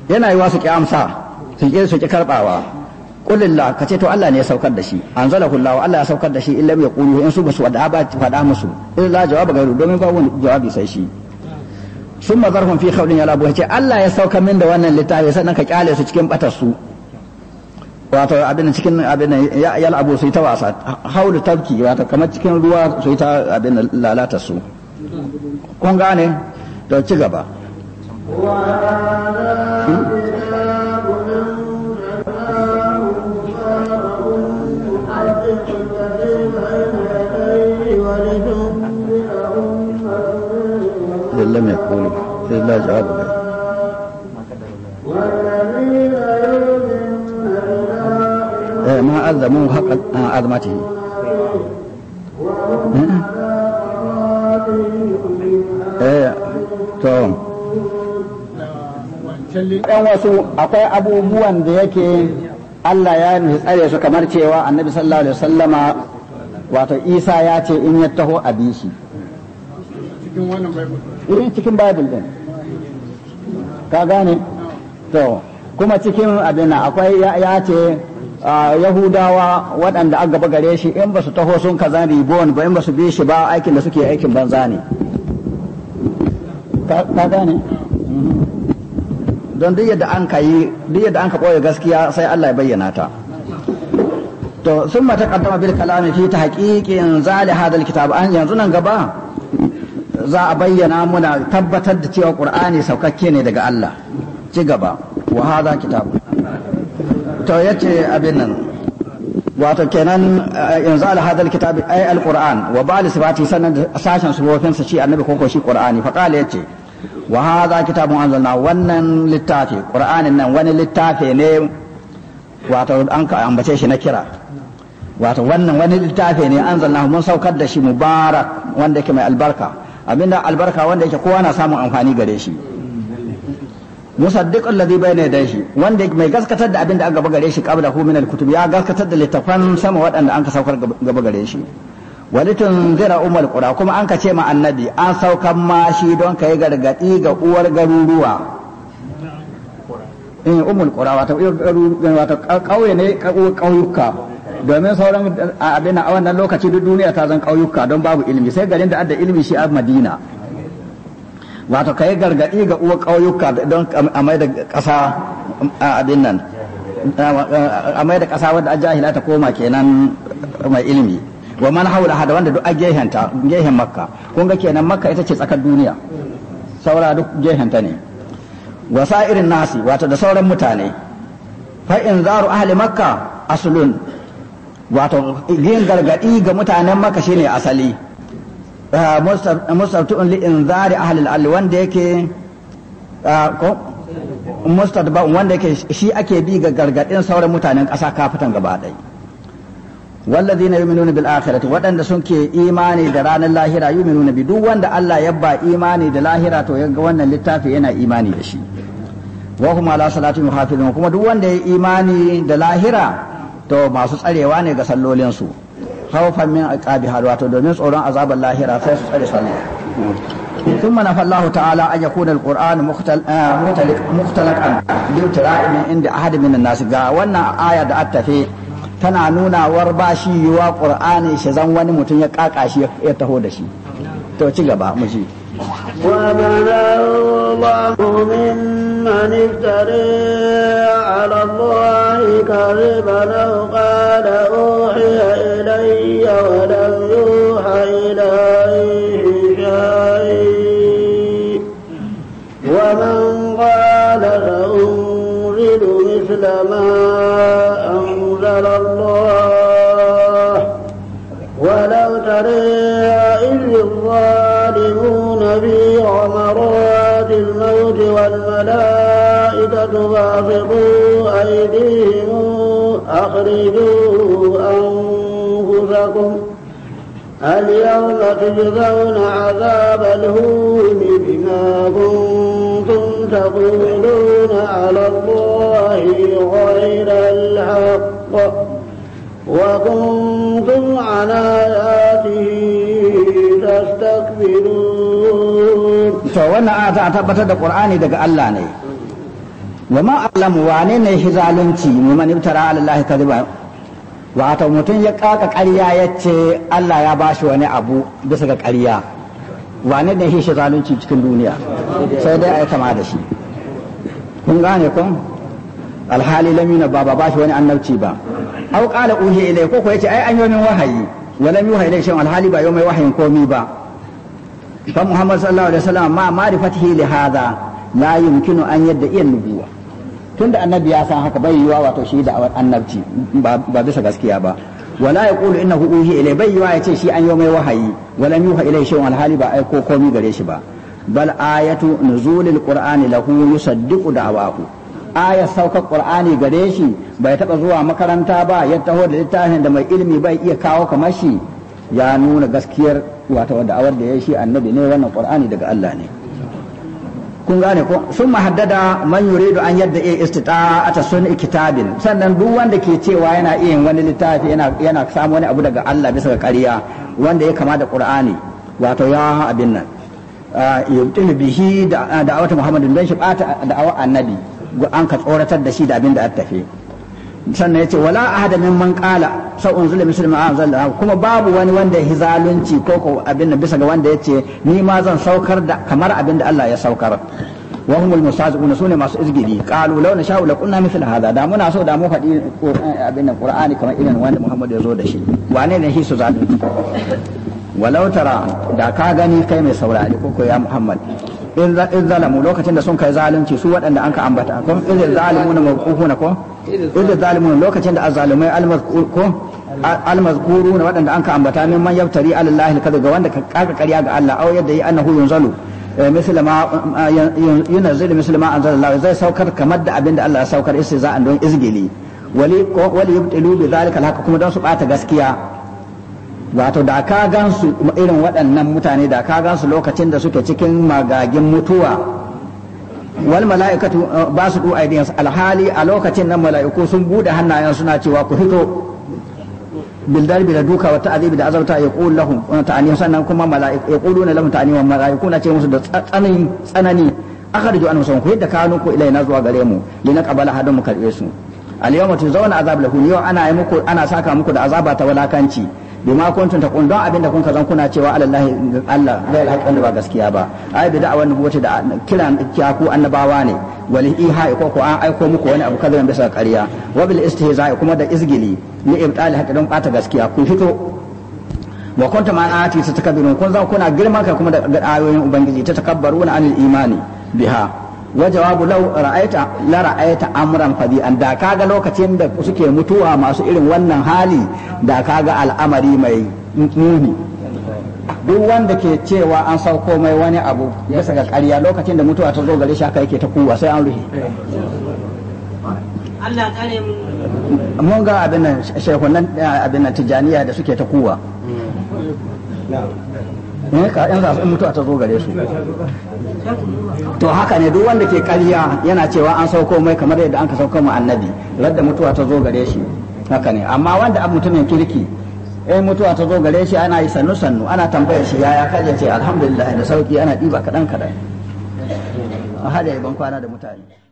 Speaker 2: yana yi wasu amsa su ƙi su ƙi karɓawa ƙulillah ka ce to Allah ne ya saukar da shi an zala kullawa Allah ya saukar da shi illa ya ƙulu in su ba su faɗa musu faɗa musu illa jawabu gairu domin ba wani jawabi sai shi sun zarfin fi khawlin yala ce Allah ya saukar min da wannan littafi sannan ka ƙyale su cikin batar wato abin cikin abin ya yalabu su yi ta wasa haulu tabki wato kamar cikin ruwa su yi ta abin lalata su kun gane to ci gaba لم يقولوا إلا جواب الله ما عظموه حق عظمته Eh, to wasu akwai abubuwan da yake Allah ya yi tsare su kamar cewa annabi sallallahu alaihi wasallama wato Isa ya ce in ya taho a bi shi cikin bible eh, cikin bible din ka gane to kuma cikin abin akwai ya ce Yahudawa waɗanda aka gaba gare shi in ba su taho sun kaza ribon ba in ba su bi shi ba aikin da suke aikin banza ne. ka gane don duk yadda an ka yi duk yadda an ka ɓoye gaskiya sai Allah ya bayyana ta to sun mata kaddama bil kalami fi ta haƙiƙin zali hadal kitab an yanzu nan gaba za a bayyana muna tabbatar da cewa qur'ani saukakke ne daga Allah ci gaba wa hadha kitab to yace abin nan wato kenan eh, yanzu ala hadal kitabi ay alquran wa ba'al sifati sanan sashen sifofin sa shi annabi koko shi qur'ani fa qala yace wa hadha kitabun anzalna wannan littafi qur'anin nan wani littafi ne wato an ka ambace shi na kira wato wannan wani littafi ne anzalna mun saukar da shi mubarak wanda yake mai albarka abinda albarka wanda yake kowa na samun amfani gare shi musaddiq alladhi bayna yadayhi wanda mai gaskatar da abin da aka gaba gare shi qabla hu min alkutub ya gaskatar da littafan sama waɗanda an ka saukar gaba gare shi walitun zira umar qura kuma an ka ce ma annabi an saukan ma shi don ka yi gargadi ga uwar garuruwa in eh, umul qura wato wato kauye ne kauyuka domin sauran abin a wannan lokaci duk duniya ta zan kauyuka don babu ilimi sai garin da adda ilimi shi a madina wato ka yi gargaɗi ga uwa ƙauyuka don a mai da ƙasa a abin nan a da ƙasa wadda jahila ta koma kenan mai ilimi wa man haula hada wanda duk a ta gehen makka kun ga kenan makka ita ce tsakar duniya saura duk gehenta ne wa sa'irin nasi wato da sauran mutane fa in zaru ahli makka asulun. wato yin gargaɗi ga mutanen makka shine asali Ah, mustaftu'un li inzari ahli al wanda yake ah, ko mustadba'un wanda yake shi ake bi ga gargadin sauran mutanen ƙasa kafitan gaba ɗaya wallazina yu'minuna bil akhirati waɗanda suke imani da ranar lahira yu'minuna bi duk wanda Allah ya ba imani da lahira to yaga wannan littafi yana imani da shi wa hum ala salati hafizun kuma duk wanda ya imani da lahira to masu tsarewa ne ga sallolin su khawfan min aqabiha wato domin tsoron azabar lahira sai su tsare sallah ثم نفى الله تعالى أن يكون القرآن مختلقا بالتراء من عند أحد من الناس وانا آية دعت فيه tana nuna war ba shi yiwa ƙur'ani shi zan wani mutum ya ƙaƙa shi ya taho da shi to ci gaba
Speaker 1: افتري على الله كذبا او قال إلي ولم يوحى إليه شيء ومن قال سأنزل مثل ما أنزل الله ولو ترى إذ الظالمون في غمرات الموت والملائكة باسطوا أيديهم أخرجوا اليوم تجزون عذاب الهون بما كنتم تقولون على الله غير الحق وكنتم على آياته تستكبرون
Speaker 2: فوانا آتا تبتا دا قرآن دا ne وما أعلم وانين هزالنتي ممن ابترى على الله كذبا wato mutum ya kaka ƙarya ya ce Allah ya ba shi wani abu bisa ga ƙarya wane ne shi zalunci cikin duniya sai dai a yi kama da shi kun gane kun alhali lamina ba ba ba shi wani annabci ba au qala uhi ilai ko ya ce, ai an yomin wahayi wa lam yuha ilai shan alhali ba yomai wahayin komi ba fa muhammad sallallahu alaihi wasallam ma ma'rifatihi li hadha la yumkinu an yadda iya nubuwa tun da annabi ya san haka bai yiwa wato shi da annabci ba bisa gaskiya ba wala ya yaqulu innahu uhi ilai bai yiwa ce shi an yi mai wahayi wala yuha shi shay'un alhali ba aiko komi gare shi ba bal ayatu nuzulil qur'ani lahu yusaddiqu da'wahu ayar saukar qur'ani gare shi bai taba zuwa makaranta ba ya taho da littafin da mai ilimi bai iya kawo kamar shi ya nuna gaskiyar wato da'awar da ya shi annabi ne wannan qur'ani daga Allah ne kun gane ko sun mahaddada man da an yadda iya ta sun kitabin sannan duk wanda ke cewa yana iya wani littafi yana samu wani abu daga Allah bisa ga ƙarya wanda ya kama da Qur'ani wato ya abin nan yubtil bihi da da'awatu Muhammadin dan shi bata da'awa annabi an ka tsoratar da shi da abin da ya tafi sannan ya ce, wala ahada man qala sa unzila musulmi a anzala kuma babu wani wanda ya zalunci ko ko abin da bisa ga wanda yace ni ma zan saukar da kamar abin da Allah ya saukar wa humul musaziqun sune masu izgidi qalu law nasha'u kunna mithla hada da muna so da mu fadi abin da qur'ani kamar irin wanda Muhammad ya zo da shi wane ne shi su zalunci walau tara da ka gani kai mai saurari ko ya Muhammad in zalamu lokacin da sun kai zalunci su waɗanda an ka ambata kun idza zalimuna mawqufuna ko idza zalimuna lokacin da azzalumai almazkur ko na waɗanda an ka ambata min man yaftari ala Allah alkaza ga wanda ka kaka ga Allah aw yadda yi annahu yunzalu eh, misal ma yunzil misal ma anzala Allah zai saukar kamar da abinda Allah ya saukar istiza'an don izgili wali wali yubtilu bi zalika alhaq kuma don su bata gaskiya wato da ka gansu irin waɗannan mutane da ka gansu lokacin da suke cikin magagin mutuwa wal mala'ikatu eh, ba su du aidiyansu alhali a lokacin nan mala'iku sun bude hannayen suna cewa ku fito Bil darbi da duka wa ta'azibi da azabta yaqul lahum eh, ta'ani sannan kuma mala'iku yaquluna lahum ta'ani wa mala'iku na ce musu da tsanani tsanani akhrijo an musan ku yadda kanu ku na zuwa gare mu lina qabala hadum karbe su al yawma tuzawna azab lahum yau ana yi muku ana saka muku da azaba ta walakanci bima kuntum taqul don abinda kun kazan kuna cewa alallahi Allah bai alhaq ba gaskiya ba ai bi da'awan nubuwati da kiran kiya ku annabawa ne wal iha ko ko an aiko muku wani abu kaza bisa ƙarya wa bil istihza'i kuma da izgili ni ibtal haqq don bata gaskiya ku fito wa kuntum an ati tatakabirun kun zan kuna girman kai kuma da ayoyin ubangiji ta na anil imani biha wa jawabu law ra'aita la ra'aita amran fadi'an da kaga lokacin da suke mutuwa masu irin wannan hali da kaga al'amari mai muni duk wanda ke cewa an sauko mai wani abu ya saka ƙarya lokacin da mutuwa ta zo gare shi haka yake ta kuwa sai an rufe
Speaker 3: Allah kare mu
Speaker 2: mun ga abin nan shehunan eh, abin nan tijaniya da suke ta kuwa hmm. ne ka yan za su mutu ta zo gare su to haka ne duk wanda ke ƙarya yana cewa an sauko mai kamar yadda an ka sauko mu annabi ladda mutuwa ta zo gare shi haka ne amma wanda abu mutumin kirki eh mutuwa ta zo gare shi ana yi sannu sannu ana tambaya shi yaya ka ce alhamdulillah da sauki ana ɗiba kaɗan kaɗan a hada ban kwana da mutane